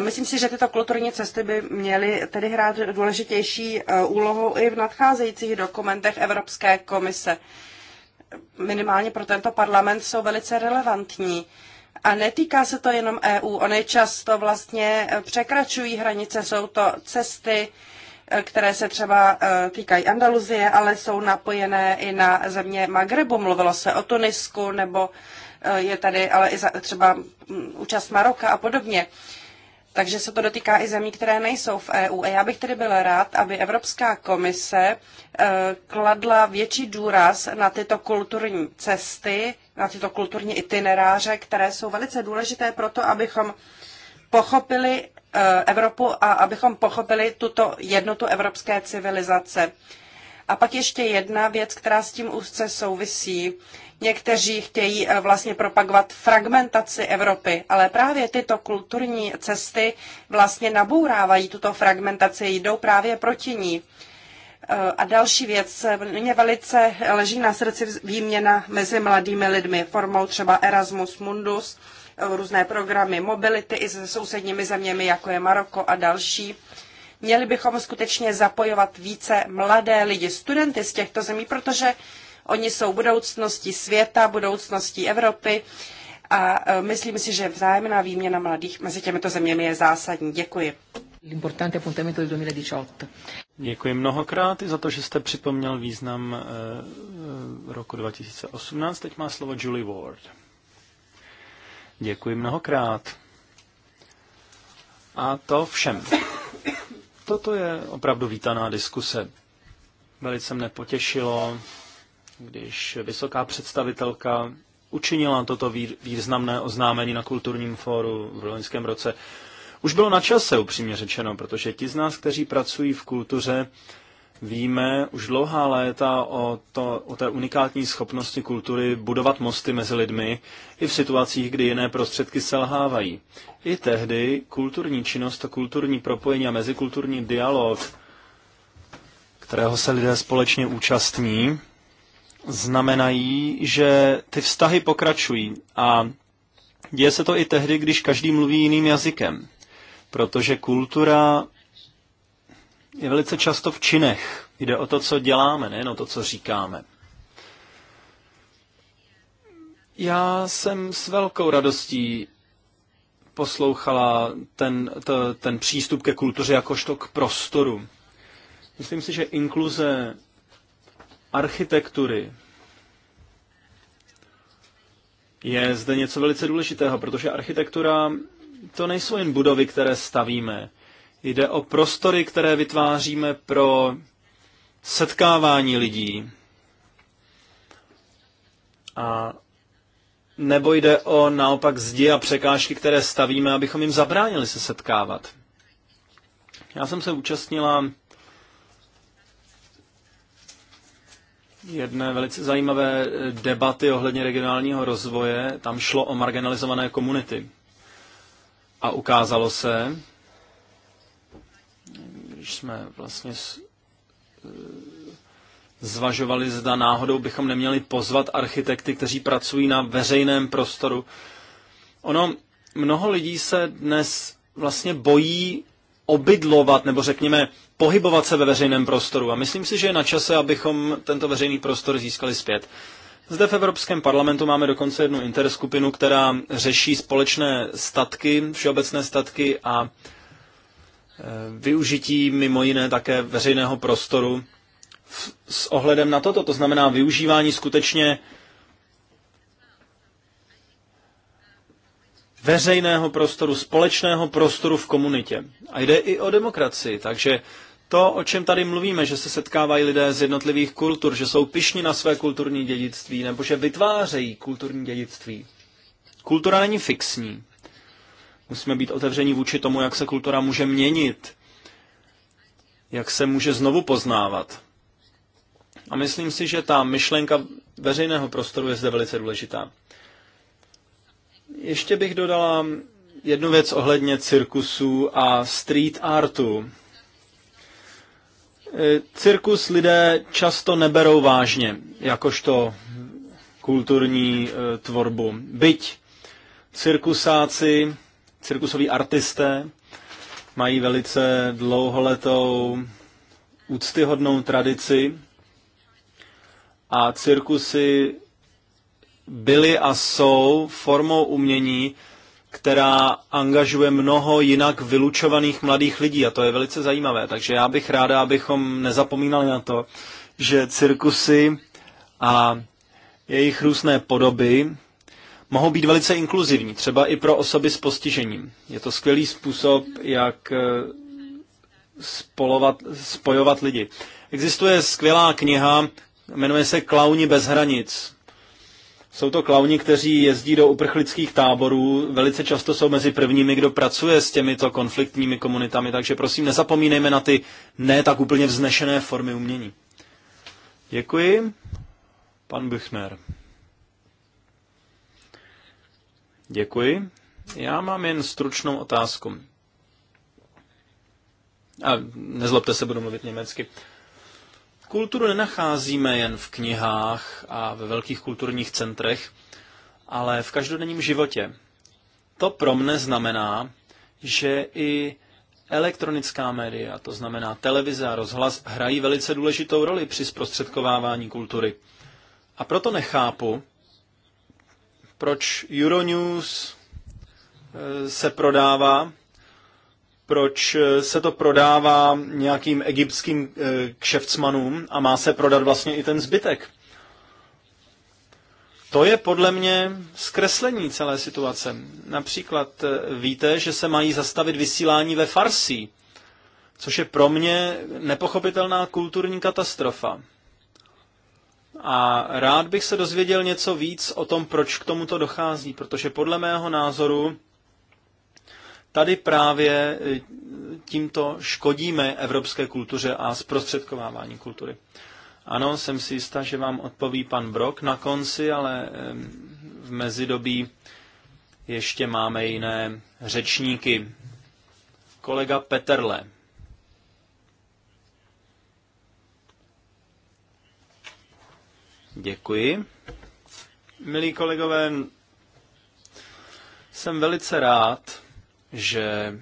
Myslím si, že tyto kulturní cesty by měly tedy hrát důležitější úlohu i v nadcházejících dokumentech Evropské komise minimálně pro tento parlament jsou velice relevantní. A netýká se to jenom EU, ony často vlastně eh, překračují hranice, jsou to cesty, eh, které se třeba eh, týkají Andaluzie, ale jsou napojené i na země Magrebu. Mluvilo se o Tunisku, nebo je tady ale i třeba mm, účast Maroka a podobně. Takže se to dotýká i zemí, které nejsou v EU. A já bych tedy byl rád, aby Evropská komise e, kladla větší důraz na tyto kulturní cesty, na tyto kulturní itineráře, které jsou velice důležité pro to, abychom pochopili e, Evropu a abychom pochopili tuto jednotu evropské civilizace. A pak ještě jedna věc, která s tím úzce souvisí. Někteří chtějí eh, vlastně propagovat fragmentaci Evropy, ale právě tyto kulturní cesty vlastně nabourávají tuto fragmentaci, jdou právě proti ní. Eh, a další věc, eh, mě velice leží na srdci výměna mezi mladými lidmi formou třeba Erasmus Mundus, různé programy mobility i se sousedními zeměmi, jako je Maroko a další. Měli bychom skutečně zapojovat více mladé lidi, studenty z těchto zemí, protože Oni jsou budoucností světa, budoucností Evropy a e, myslím si, že vzájemná výměna mladých mezi těmito zeměmi je zásadní. Děkuji. Děkuji mnohokrát i za to, že jste připomněl význam e, e, roku 2018. Teď má slovo Julie Ward. Děkuji mnohokrát. A to všem. Toto je opravdu vítaná diskuse. Velice mne potěšilo, když vysoká představitelka učinila toto významné oznámení na kulturním fóru v loňském roce. Už bylo na čase, upřímně řečeno, protože ti z nás, kteří pracují v kultuře, víme už dlouhá léta o, to, o té unikátní schopnosti kultury budovat mosty mezi lidmi i v situacích, kdy jiné prostředky selhávají. I tehdy kulturní činnost a kulturní propojení a mezikulturní dialog, kterého se lidé společně účastní, znamenají, že ty vztahy pokračují a děje se to i tehdy, když každý mluví jiným jazykem, protože kultura je velice často v činech. Jde o to, co děláme, ne? o to, co říkáme. Já jsem s velkou radostí poslouchala ten, to, ten přístup ke kultuře jakožto k prostoru. Myslím si, že inkluze architektury je zde něco velice důležitého, protože architektura to nejsou jen budovy, které stavíme. Jde o prostory, které vytváříme pro setkávání lidí. A nebo jde o naopak zdi a překážky, které stavíme, abychom jim zabránili se setkávat. Já jsem se účastnila jedné velice zajímavé eh, debaty ohledně regionálního rozvoje. Tam šlo o marginalizované komunity. A ukázalo se, když jsme vlastně eh, zvažovali, zda náhodou bychom neměli pozvat architekty, kteří pracují na veřejném prostoru. Ono, mnoho lidí se dnes vlastně bojí obydlovat nebo řekněme pohybovat se ve veřejném prostoru. A myslím si, že je na čase, abychom tento veřejný prostor získali zpět. Zde v Evropském parlamentu máme dokonce jednu interskupinu, která řeší společné statky, všeobecné statky a e, využití mimo jiné také veřejného prostoru s ohledem na toto, to znamená využívání skutečně veřejného prostoru, společného prostoru v komunitě. A jde i o demokracii, takže to, o čem tady mluvíme, že se setkávají lidé z jednotlivých kultur, že jsou pišní na své kulturní dědictví, nebo že vytvářejí kulturní dědictví. Kultura není fixní. Musíme být otevření vůči tomu, jak se kultura může měnit, jak se může znovu poznávat. A myslím si, že ta myšlenka veřejného prostoru je zde velice důležitá. Ještě bych dodala jednu věc ohledně cirkusů a street artu. E, cirkus lidé často neberou vážně, jakožto kulturní e, tvorbu. Byť cirkusáci, cirkusoví artisté mají velice dlouholetou úctyhodnou tradici a cirkusy byly a jsou formou umění, která angažuje mnoho jinak vylučovaných mladých lidí a to je velice zajímavé. Takže já bych ráda, abychom nezapomínali na to, že cirkusy a jejich různé podoby mohou být velice inkluzivní, třeba i pro osoby s postižením. Je to skvělý způsob, jak eh, spolovat, spojovat lidi. Existuje skvělá kniha, jmenuje se Klauni bez hranic. Jsou to klauni, kteří jezdí do uprchlických táborů, velice často jsou mezi prvními, kdo pracuje s těmito konfliktními komunitami, takže prosím nezapomínejme na ty ne tak úplně vznešené formy umění. Děkuji. Pan Büchner. Děkuji. Já mám jen stručnou otázku. A nezlobte se, budu mluvit německy. Kulturu nenacházíme jen v knihách a ve velkých kulturních centrech, ale v každodenním životě. To pro mne znamená, že i elektronická média, to znamená televize a rozhlas, hrají velice důležitou roli při zprostředkovávání kultury. A proto nechápu, proč Euronews eh, se prodává proč eh, se to prodává nějakým egyptským eh, kšeftsmanům a má se prodat vlastně i ten zbytek. To je podle mě zkreslení celé situace. Například eh, víte, že se mají zastavit vysílání ve Farsi, což je pro mě nepochopitelná kulturní katastrofa. A rád bych se dozvěděl něco víc o tom, proč k tomuto dochází, protože podle mého názoru tady právě e, tímto škodíme evropské kultuře a zprostředkovávání kultury. Ano, jsem si jistá, že vám odpoví pan Brok na konci, ale v mezidobí ještě máme jiné řečníky. Kolega Peterle. Děkuji. Milí kolegové, jsem velice rád, že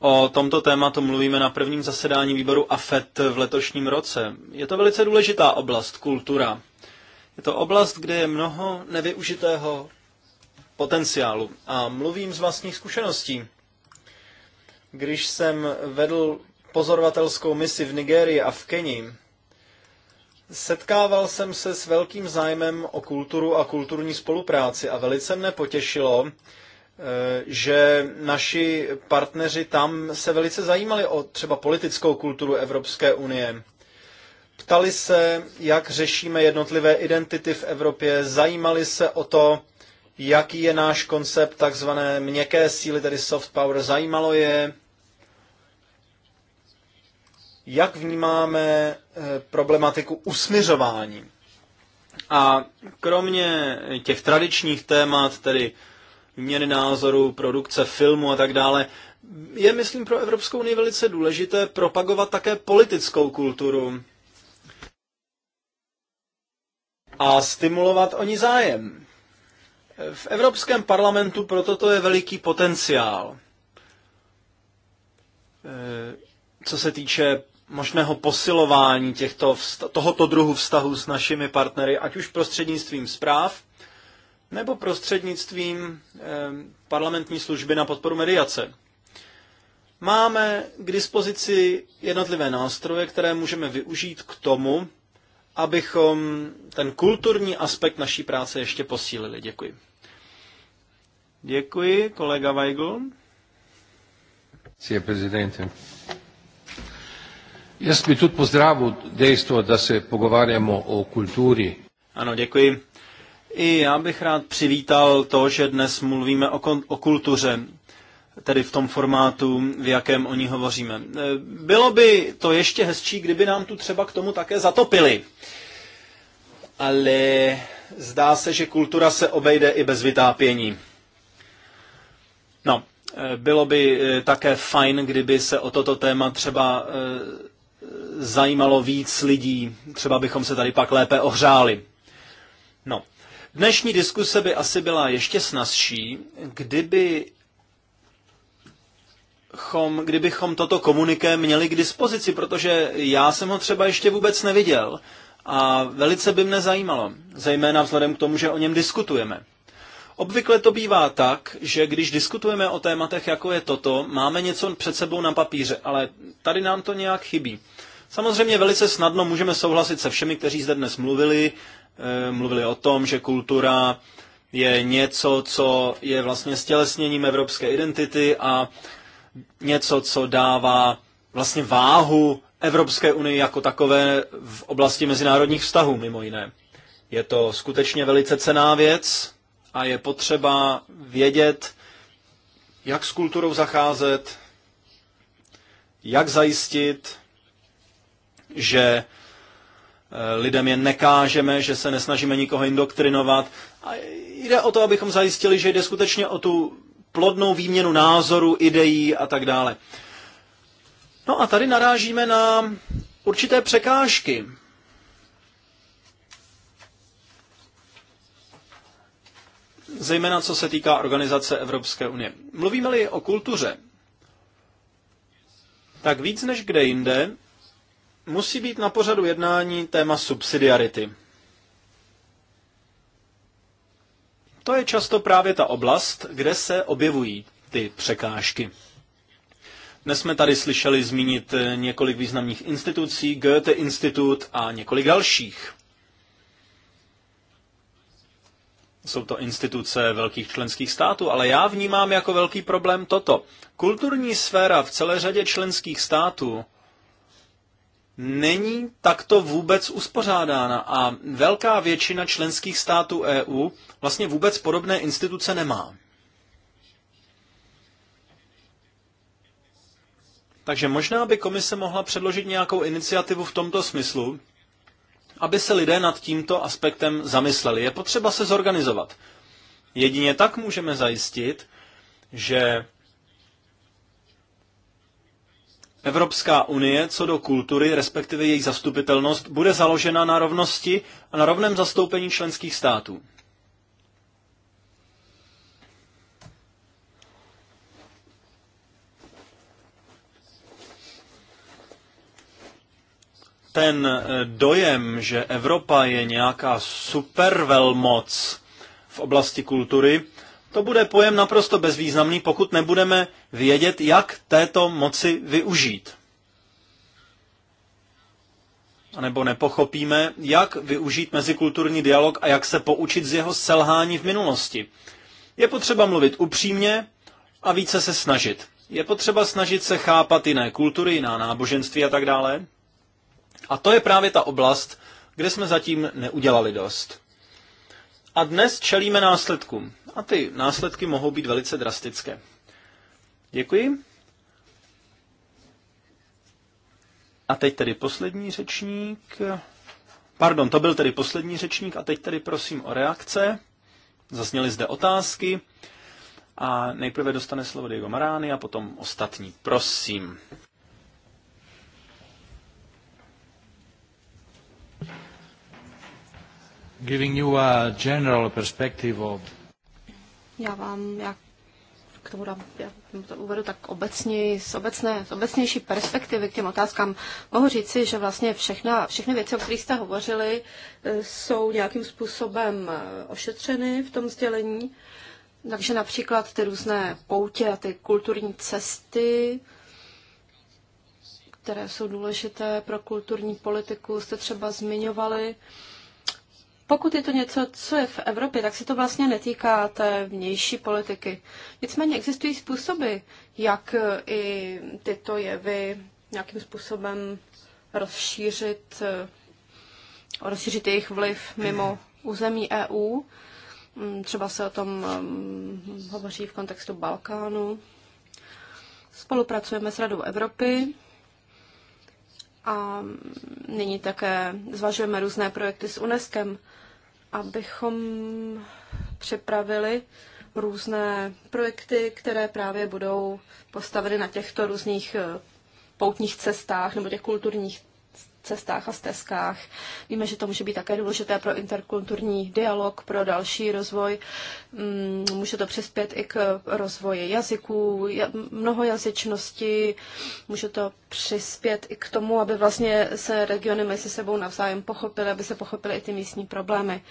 O tomto tématu mluvíme na prvním zasedání výboru AFET v letošním roce. Je to velice důležitá oblast, kultura. Je to oblast, kde je mnoho nevyužitého potenciálu. A mluvím z vlastních zkušeností. Když jsem vedl pozorovatelskou misi v Nigérii a v Kenii, Setkával jsem se s velkým zájmem o kulturu a kulturní spolupráci a velice mne potěšilo, eh, že naši partneři tam se velice zajímali o třeba politickou kulturu Evropské unie. Ptali se, jak řešíme jednotlivé identity v Evropě, zajímali se o to, jaký je náš koncept takzvané měkké síly, tedy soft power, zajímalo je, jak vnímáme eh, problematiku usmiřování. A kromě těch tradičních témat, tedy výměny názorů, produkce filmu a tak dále, je, myslím, pro Evropskou unii velice důležité propagovat také politickou kulturu a stimulovat o ní zájem. V Evropském parlamentu proto to je veliký potenciál. Eh, co se týče možného posilování těchto, tohoto druhu vztahu s našimi partnery, ať už prostřednictvím zpráv, nebo prostřednictvím eh, parlamentní služby na podporu mediace. Máme k dispozici jednotlivé nástroje, které můžeme využít k tomu, abychom ten kulturní aspekt naší práce ještě posílili. Děkuji. Děkuji, kolega Weigl. Děkuji, prezidente. Jaz bi tudi pozdravil dejstvo, da se pogovarjamo o kulturi. Ano, děkuji. I já bych rád přivítal to, že dnes mluvíme o, kon- o kultuře, tedy v tom formátu, v jakém o ní hovoříme. E, bylo by to ještě hezčí, kdyby nám tu třeba k tomu také zatopili. Ale zdá se, že kultura se obejde i bez vytápění. No, e, bylo by e, také fajn, kdyby se o toto téma třeba zajímalo víc lidí. Třeba bychom se tady pak lépe ohřáli. No, dnešní diskuse by asi byla ještě snazší, kdyby Chom, kdybychom toto komuniké měli k dispozici, protože já jsem ho třeba ještě vůbec neviděl a velice by mne zajímalo, zejména vzhledem k tomu, že o něm diskutujeme. Obvykle to bývá tak, že když diskutujeme o tématech, jako je toto, máme něco před sebou na papíře, ale tady nám to nějak chybí. Samozřejmě velice snadno můžeme souhlasit se všemi, kteří zde dnes mluvili. Eh, mluvili o tom, že kultura je něco, co je vlastně stělesněním evropské identity a něco, co dává vlastně váhu Evropské unii jako takové v oblasti mezinárodních vztahů, mimo jiné. Je to skutečně velice cená věc, a je potřeba vědět, jak s kulturou zacházet, jak zajistit, že eh, lidem je nekážeme, že se nesnažíme nikoho indoktrinovat. A jde o to, abychom zajistili, že jde skutečně o tu plodnou výměnu názorů, ideí a tak dále. No a tady narážíme na určité překážky. zejména co se týká organizace Evropské unie. Mluvíme-li o kultuře, tak víc než kde jinde musí být na pořadu jednání téma subsidiarity. To je často právě ta oblast, kde se objevují ty překážky. Dnes jsme tady slyšeli zmínit několik významných institucí, Goethe Institut a několik dalších. jsou to instituce velkých členských států, ale já vnímám jako velký problém toto. Kulturní sféra v celé řadě členských států není takto vůbec uspořádána a velká většina členských států EU vlastně vůbec podobné instituce nemá. Takže možná by komise mohla předložit nějakou iniciativu v tomto smyslu, aby se lidé nad tímto aspektem zamysleli. Je potřeba se zorganizovat. Jedině tak můžeme zajistit, že Evropská unie co do kultury, respektive její zastupitelnost, bude založena na rovnosti a na rovném zastoupení členských států. ten eh, dojem, že Evropa je nějaká supervelmoc v oblasti kultury, to bude pojem naprosto bezvýznamný, pokud nebudeme vědět, jak této moci využít. A nebo nepochopíme, jak využít mezikulturní dialog a jak se poučit z jeho selhání v minulosti. Je potřeba mluvit upřímně a více se snažit. Je potřeba snažit se chápat jiné kultury, jiná náboženství a tak dále. A to je právě ta oblast, kde jsme zatím neudělali dost. A dnes čelíme následkům. A ty následky mohou být velice drastické. Děkuji. A teď tedy poslední řečník. Pardon, to byl tedy poslední řečník a teď tedy prosím o reakce. Zazněly zde otázky. A nejprve dostane slovo Diego Marány a potom ostatní. Prosím. giving you a general perspective of... Já vám, já k tomu dám, já to uvedu tak obecně, z, obecné, z obecnější perspektivy k těm otázkám. Mohu říci, že vlastně všechna, všechny věci, o kterých jste hovořili, eh, jsou nějakým způsobem eh, ošetřeny v tom sdělení. Takže například ty různé poutě a ty kulturní cesty, které jsou důležité pro kulturní politiku, jste třeba zmiňovali. Pokud je to něco, co je v Evropě, tak se to vlastně netýká té vnější politiky. Nicméně existují způsoby, jak eh, i tyto jevy nějakým způsobem rozšířit, eh, rozšířit jejich vliv mimo území EU. Mm, třeba se o tom mm, hovoří v kontextu Balkánu. Spolupracujeme s Radou Evropy a mm, nyní také zvažujeme různé projekty s UNESCO abychom připravili různé projekty, které právě budou postaveny na těchto různých eh, poutních cestách nebo těch kulturních cestách a stezkách. Víme, že to může být také důležité pro interkulturní dialog, pro další rozvoj. Mm, může to přispět i k rozvoji jazyků, mnohojazyčnosti. Může to přispět i k tomu, aby vlastně se regiony mezi sebou navzájem pochopily, aby se pochopily i ty místní problémy.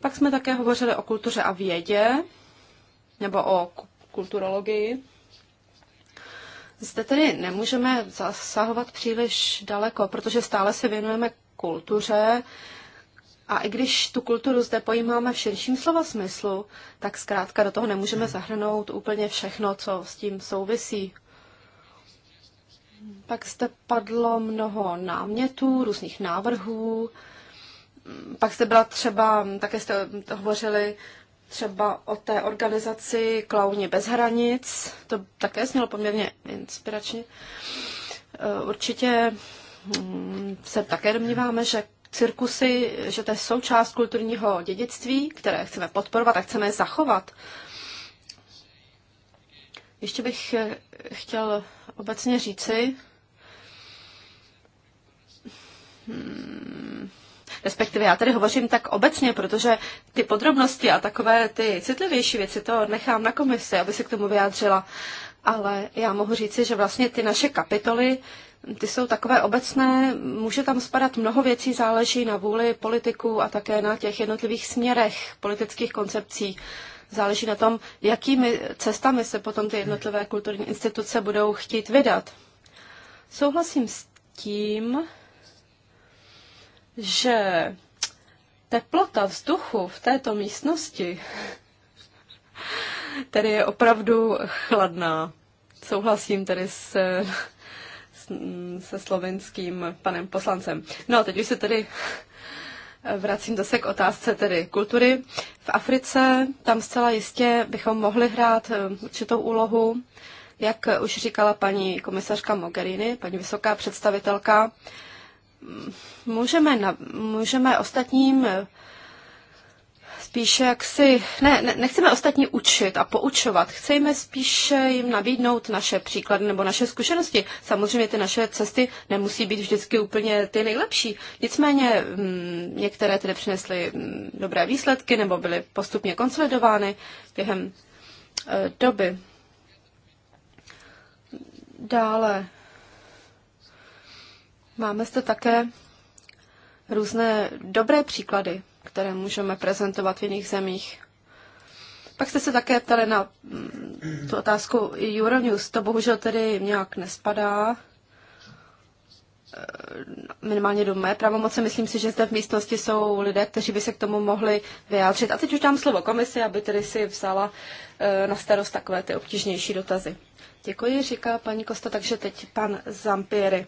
Pak jsme také hovořili o kultuře a vědě, nebo o kulturologii. Zde tedy nemůžeme zasahovat příliš daleko, protože stále se věnujeme kultuře, a i když tu kulturu zde pojímáme v širším slova smyslu, tak zkrátka do toho nemůžeme zahrnout úplně všechno, co s tím souvisí. Pak zde padlo mnoho námětů, různých návrhů. Pak zde byla třeba, také jste hovořili třeba o té organizaci Klauni bez hranic. To také znělo poměrně inspiračně. Eh, určitě mm, se také domníváme, že cirkusy, že to je součást kulturního dědictví, které chceme podporovat a chceme zachovat. Ještě bych eh, chtěl obecně říci, hmm, respektive já tady hovořím tak obecně, protože ty podrobnosti a takové ty citlivější věci, to nechám na komisi, aby se k tomu vyjádřila. Ale já mohu říci, že vlastně ty naše kapitoly, ty jsou takové obecné, může tam spadat mnoho věcí, záleží na vůli politiků a také na těch jednotlivých směrech politických koncepcí záleží na tom, jakými cestami se potom ty jednotlivé kulturní instituce budou chtít vydat. Souhlasím s tím, že teplota vzduchu v této místnosti tedy je opravdu chladná. Souhlasím tedy s, se slovenským panem poslancem. No, teď už se tedy vracím zase k otázce tedy kultury. V Africe tam zcela jistě bychom mohli hrát eh, určitou úlohu, jak už říkala paní komisařka Mogherini, paní vysoká představitelka, můžeme, na, můžeme ostatním eh, spíše si, ne, ne, nechceme ostatní učit a poučovat, chceme spíše jim nabídnout naše příklady nebo naše zkušenosti. Samozřejmě ty naše cesty nemusí být vždycky úplně ty nejlepší. Nicméně m, mm, některé tedy přinesly mm, dobré výsledky nebo byly postupně konsolidovány během e, doby. Dále Máme zde také různé dobré příklady, které můžeme prezentovat v jiných zemích. Pak jste se také ptali na mm, tu otázku Euronews. To bohužel tedy nějak nespadá eh, minimálně do mé pravomoce. Myslím si, že zde v místnosti jsou lidé, kteří by se k tomu mohli vyjádřit. A teď už dám slovo komisi, aby tedy si vzala eh, na starost takové ty obtížnější dotazy. Děkuji, říká paní Kosta, takže teď pan Zampieri.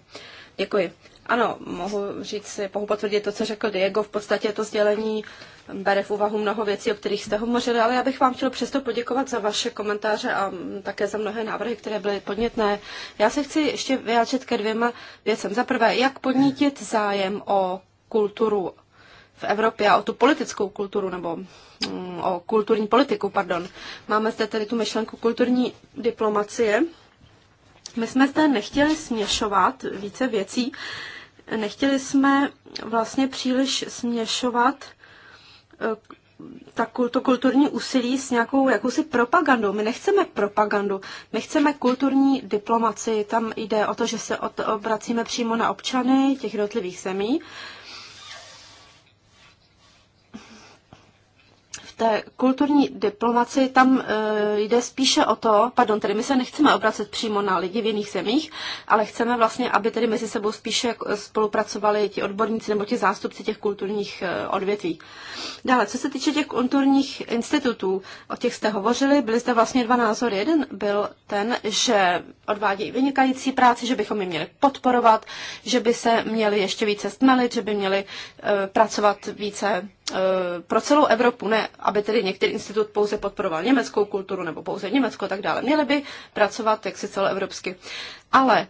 Děkuji. Ano, mohu říct si, mohu potvrdit to, co řekl Diego. V podstatě to sdělení bere v úvahu mnoho věcí, o kterých jste hovořili, ale já bych vám chtěl přesto poděkovat za vaše komentáře a také za mnohé návrhy, které byly podnětné. Já se chci ještě vyjádřit ke dvěma věcem. Za prvé, jak podnítit zájem o kulturu v Evropě a o tu politickou kulturu nebo mm, o kulturní politiku, pardon. Máme zde tedy tu myšlenku kulturní diplomacie, my jsme zde nechtěli směšovat více věcí, nechtěli jsme vlastně příliš směšovat eh, tak to kulturní úsilí s nějakou jakousi propagandou. My nechceme propagandu, my chceme kulturní diplomaci. Tam jde o to, že se obracíme přímo na občany těch jednotlivých zemí té kulturní diplomaci tam e, jde spíše o to, pardon, tedy my se nechceme obracet přímo na lidi v jiných zemích, ale chceme vlastně, aby tedy mezi sebou spíše jako, e, spolupracovali ti odborníci nebo ti zástupci těch kulturních e, odvětví. Dále, co se týče těch kulturních institutů, o těch jste hovořili, byly zde vlastně dva názory. Jeden byl ten, že odvádějí vynikající práci, že bychom je měli podporovat, že by se měli ještě více stmelit, že by měli e, pracovat více Eh, pro celou Evropu, ne aby tedy některý institut pouze podporoval německou kulturu nebo pouze Německo a tak dále. Měli by pracovat jaksi celoevropsky. Ale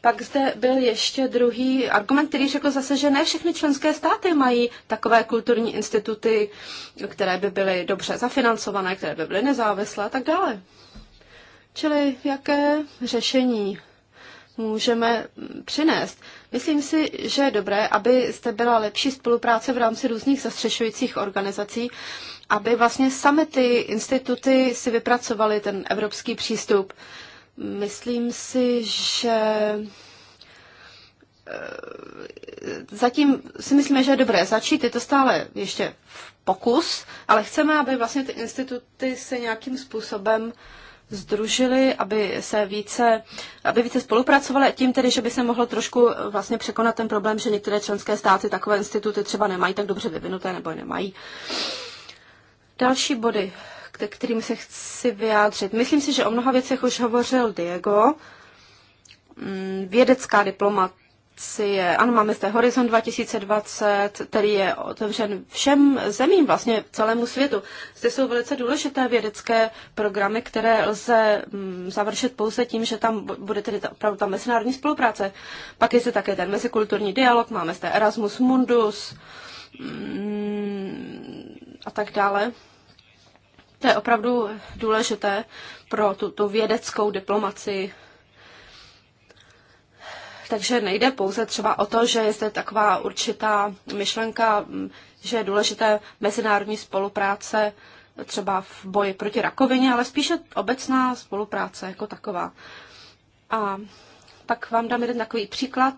pak zde byl ještě druhý argument, který řekl zase, že ne všechny členské státy mají takové kulturní instituty, které by byly dobře zafinancované, které by byly nezávislé a tak dále. Čili jaké řešení můžeme přinést? Myslím si, že je dobré, aby zde byla lepší spolupráce v rámci různých zastřešujících organizací, aby vlastně sami ty instituty si vypracovaly ten evropský přístup. Myslím si, že eh, zatím si myslíme, že je dobré začít, je to stále ještě pokus, ale chceme, aby vlastně ty instituty se nějakým způsobem uh, združili, aby se více, aby více spolupracovali, tím tedy, že by se mohlo trošku vlastně překonat ten problém, že některé členské státy takové instituty třeba nemají tak dobře vyvinuté nebo je nemají. Další body, kterým se chci vyjádřit. Myslím si, že o mnoha věcech už hovořil Diego. Mm, vědecká diplomat, je, Ano, máme zde Horizon 2020, který je otevřen všem zemím, vlastně celému světu. Zde jsou velice důležité vědecké programy, které lze mm, završit pouze tím, že tam bude tedy ta, opravdu ta mezinárodní spolupráce. Pak je zde také ten mezikulturní dialog, máme zde Erasmus Mundus mm, a tak dále. To je opravdu důležité pro tu, tu vědeckou diplomaci takže nejde pouze třeba o to, že je zde taková určitá myšlenka, že je důležité mezinárodní spolupráce třeba v boji proti rakovině, ale spíše obecná spolupráce jako taková. A pak vám dám jeden takový příklad,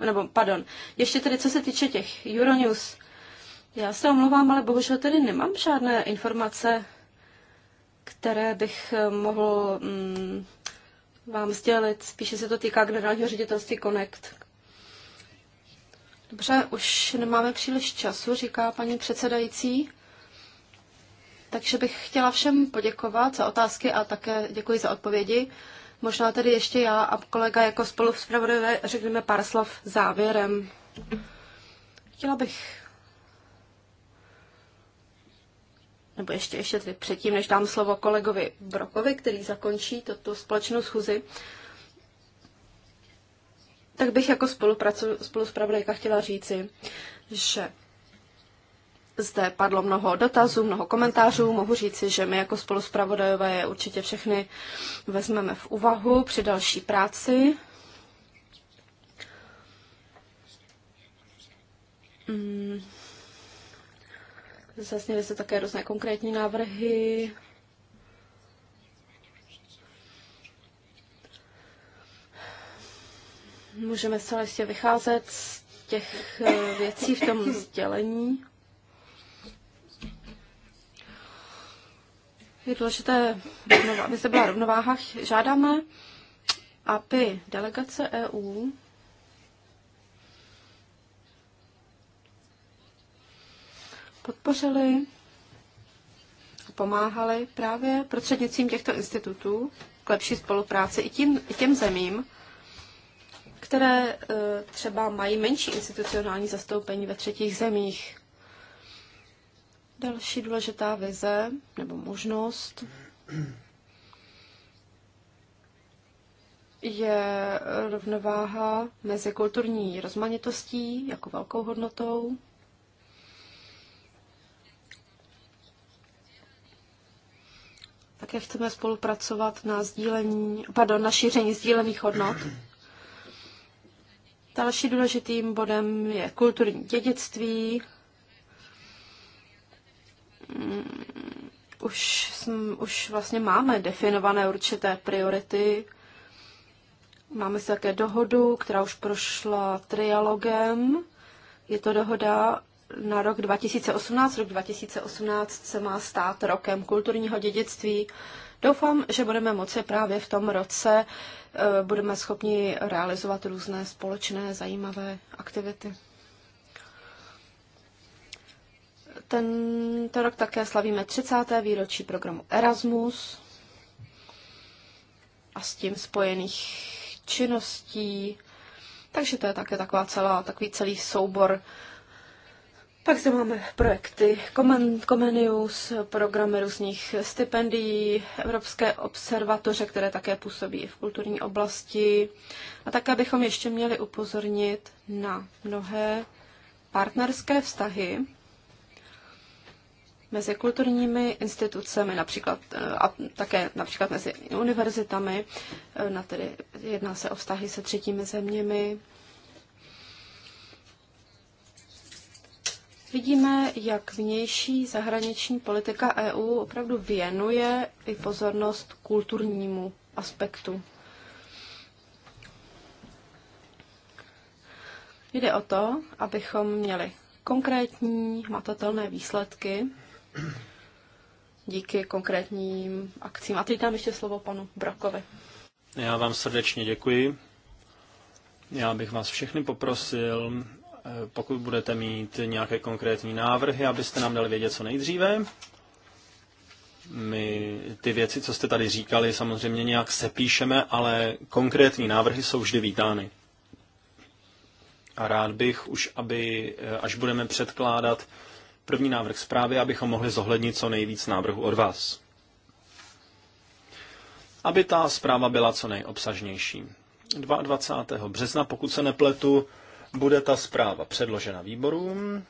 nebo pardon, ještě tedy co se týče těch Euronews, já se omlouvám, ale bohužel tedy nemám žádné informace, které bych eh, mohl mm, vám sdělit. Spíše se to týká generálního ředitelství Connect. Dobře, už nemáme příliš času, říká paní předsedající. Takže bych chtěla všem poděkovat za otázky a také děkuji za odpovědi. Možná tedy ještě já a kolega jako spolu řekneme pár slov závěrem. Chtěla bych nebo ještě, ještě tedy předtím, než dám slovo kolegovi Brokovi, který zakončí toto společnou schůzi, tak bych jako spoluspravodajka chtěla říci, že zde padlo mnoho dotazů, mnoho komentářů. Mohu říci, že my jako spoluspravodajové je určitě všechny vezmeme v úvahu při další práci. Mm. Zasněly se také různé konkrétní návrhy. Můžeme se ještě vycházet z těch eh, věcí v tom sdělení. Je důležité, aby se byla rovnováha. Žádáme, aby delegace EU podpořili a pomáhali právě prostřednictvím těchto institutů k lepší spolupráci i, tím, i těm zemím, které e, třeba mají menší institucionální zastoupení ve třetích zemích. Další důležitá vize nebo možnost je rovnováha mezi kulturní rozmanitostí jako velkou hodnotou Také chceme spolupracovat na, sdílení, pardon, na šíření sdílených hodnot. Další důležitým bodem je kulturní dědictví. Mm, už, jsme už vlastně máme definované určité priority. Máme si také dohodu, která už prošla trialogem. Je to dohoda na rok 2018. Rok 2018 se má stát rokem kulturního dědictví. Doufám, že budeme moci právě v tom roce, eh, budeme schopni realizovat různé společné zajímavé aktivity. Tento rok také slavíme 30. výročí programu Erasmus a s tím spojených činností. Takže to je také taková celá, takový celý soubor pak zde máme projekty Comenius, programy různých stipendií, Evropské observatoře, které také působí v kulturní oblasti. A také bychom ještě měli upozornit na mnohé partnerské vztahy mezi kulturními institucemi, například, eh, a také například mezi univerzitami, eh, na tedy jedná se o vztahy se třetími zeměmi, Vidíme, jak vnější zahraniční politika EU opravdu věnuje i pozornost kulturnímu aspektu. Jde o to, abychom měli konkrétní, matatelné výsledky díky konkrétním akcím. A teď dám ještě slovo panu Brokovi. Já vám srdečně děkuji. Já bych vás všechny poprosil, Eh, pokud budete mít nějaké konkrétní návrhy, abyste nám dali vědět co nejdříve. My ty věci, co jste tady říkali, samozřejmě nějak sepíšeme, ale konkrétní návrhy jsou vždy vítány. A rád bych už, aby, eh, až budeme předkládat první návrh zprávy, abychom mohli zohlednit co nejvíc návrhu od vás. Aby ta zpráva byla co nejobsažnější. 22. března, pokud se nepletu, bude ta zpráva předložena výborům.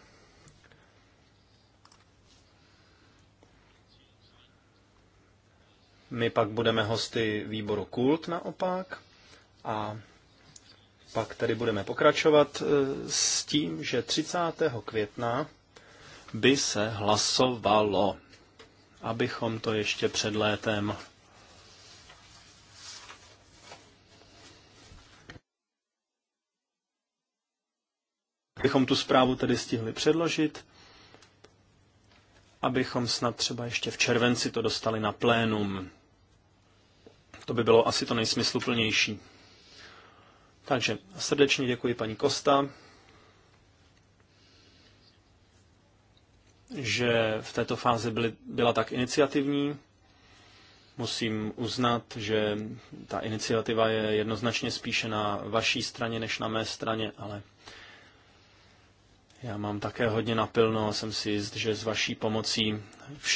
My pak budeme hosty výboru Kult naopak a pak tady budeme pokračovat e, s tím, že 30. května by se hlasovalo, abychom to ještě před létem abychom tu zprávu tedy stihli předložit, abychom snad třeba ještě v červenci to dostali na plénum. To by bylo asi to nejsmysluplnější. Takže srdečně děkuji paní Kosta, že v této fázi byly, byla tak iniciativní. Musím uznat, že ta iniciativa je jednoznačně spíše na vaší straně než na mé straně, ale já mám také hodně napilno a jsem si jist, že s vaší pomocí vše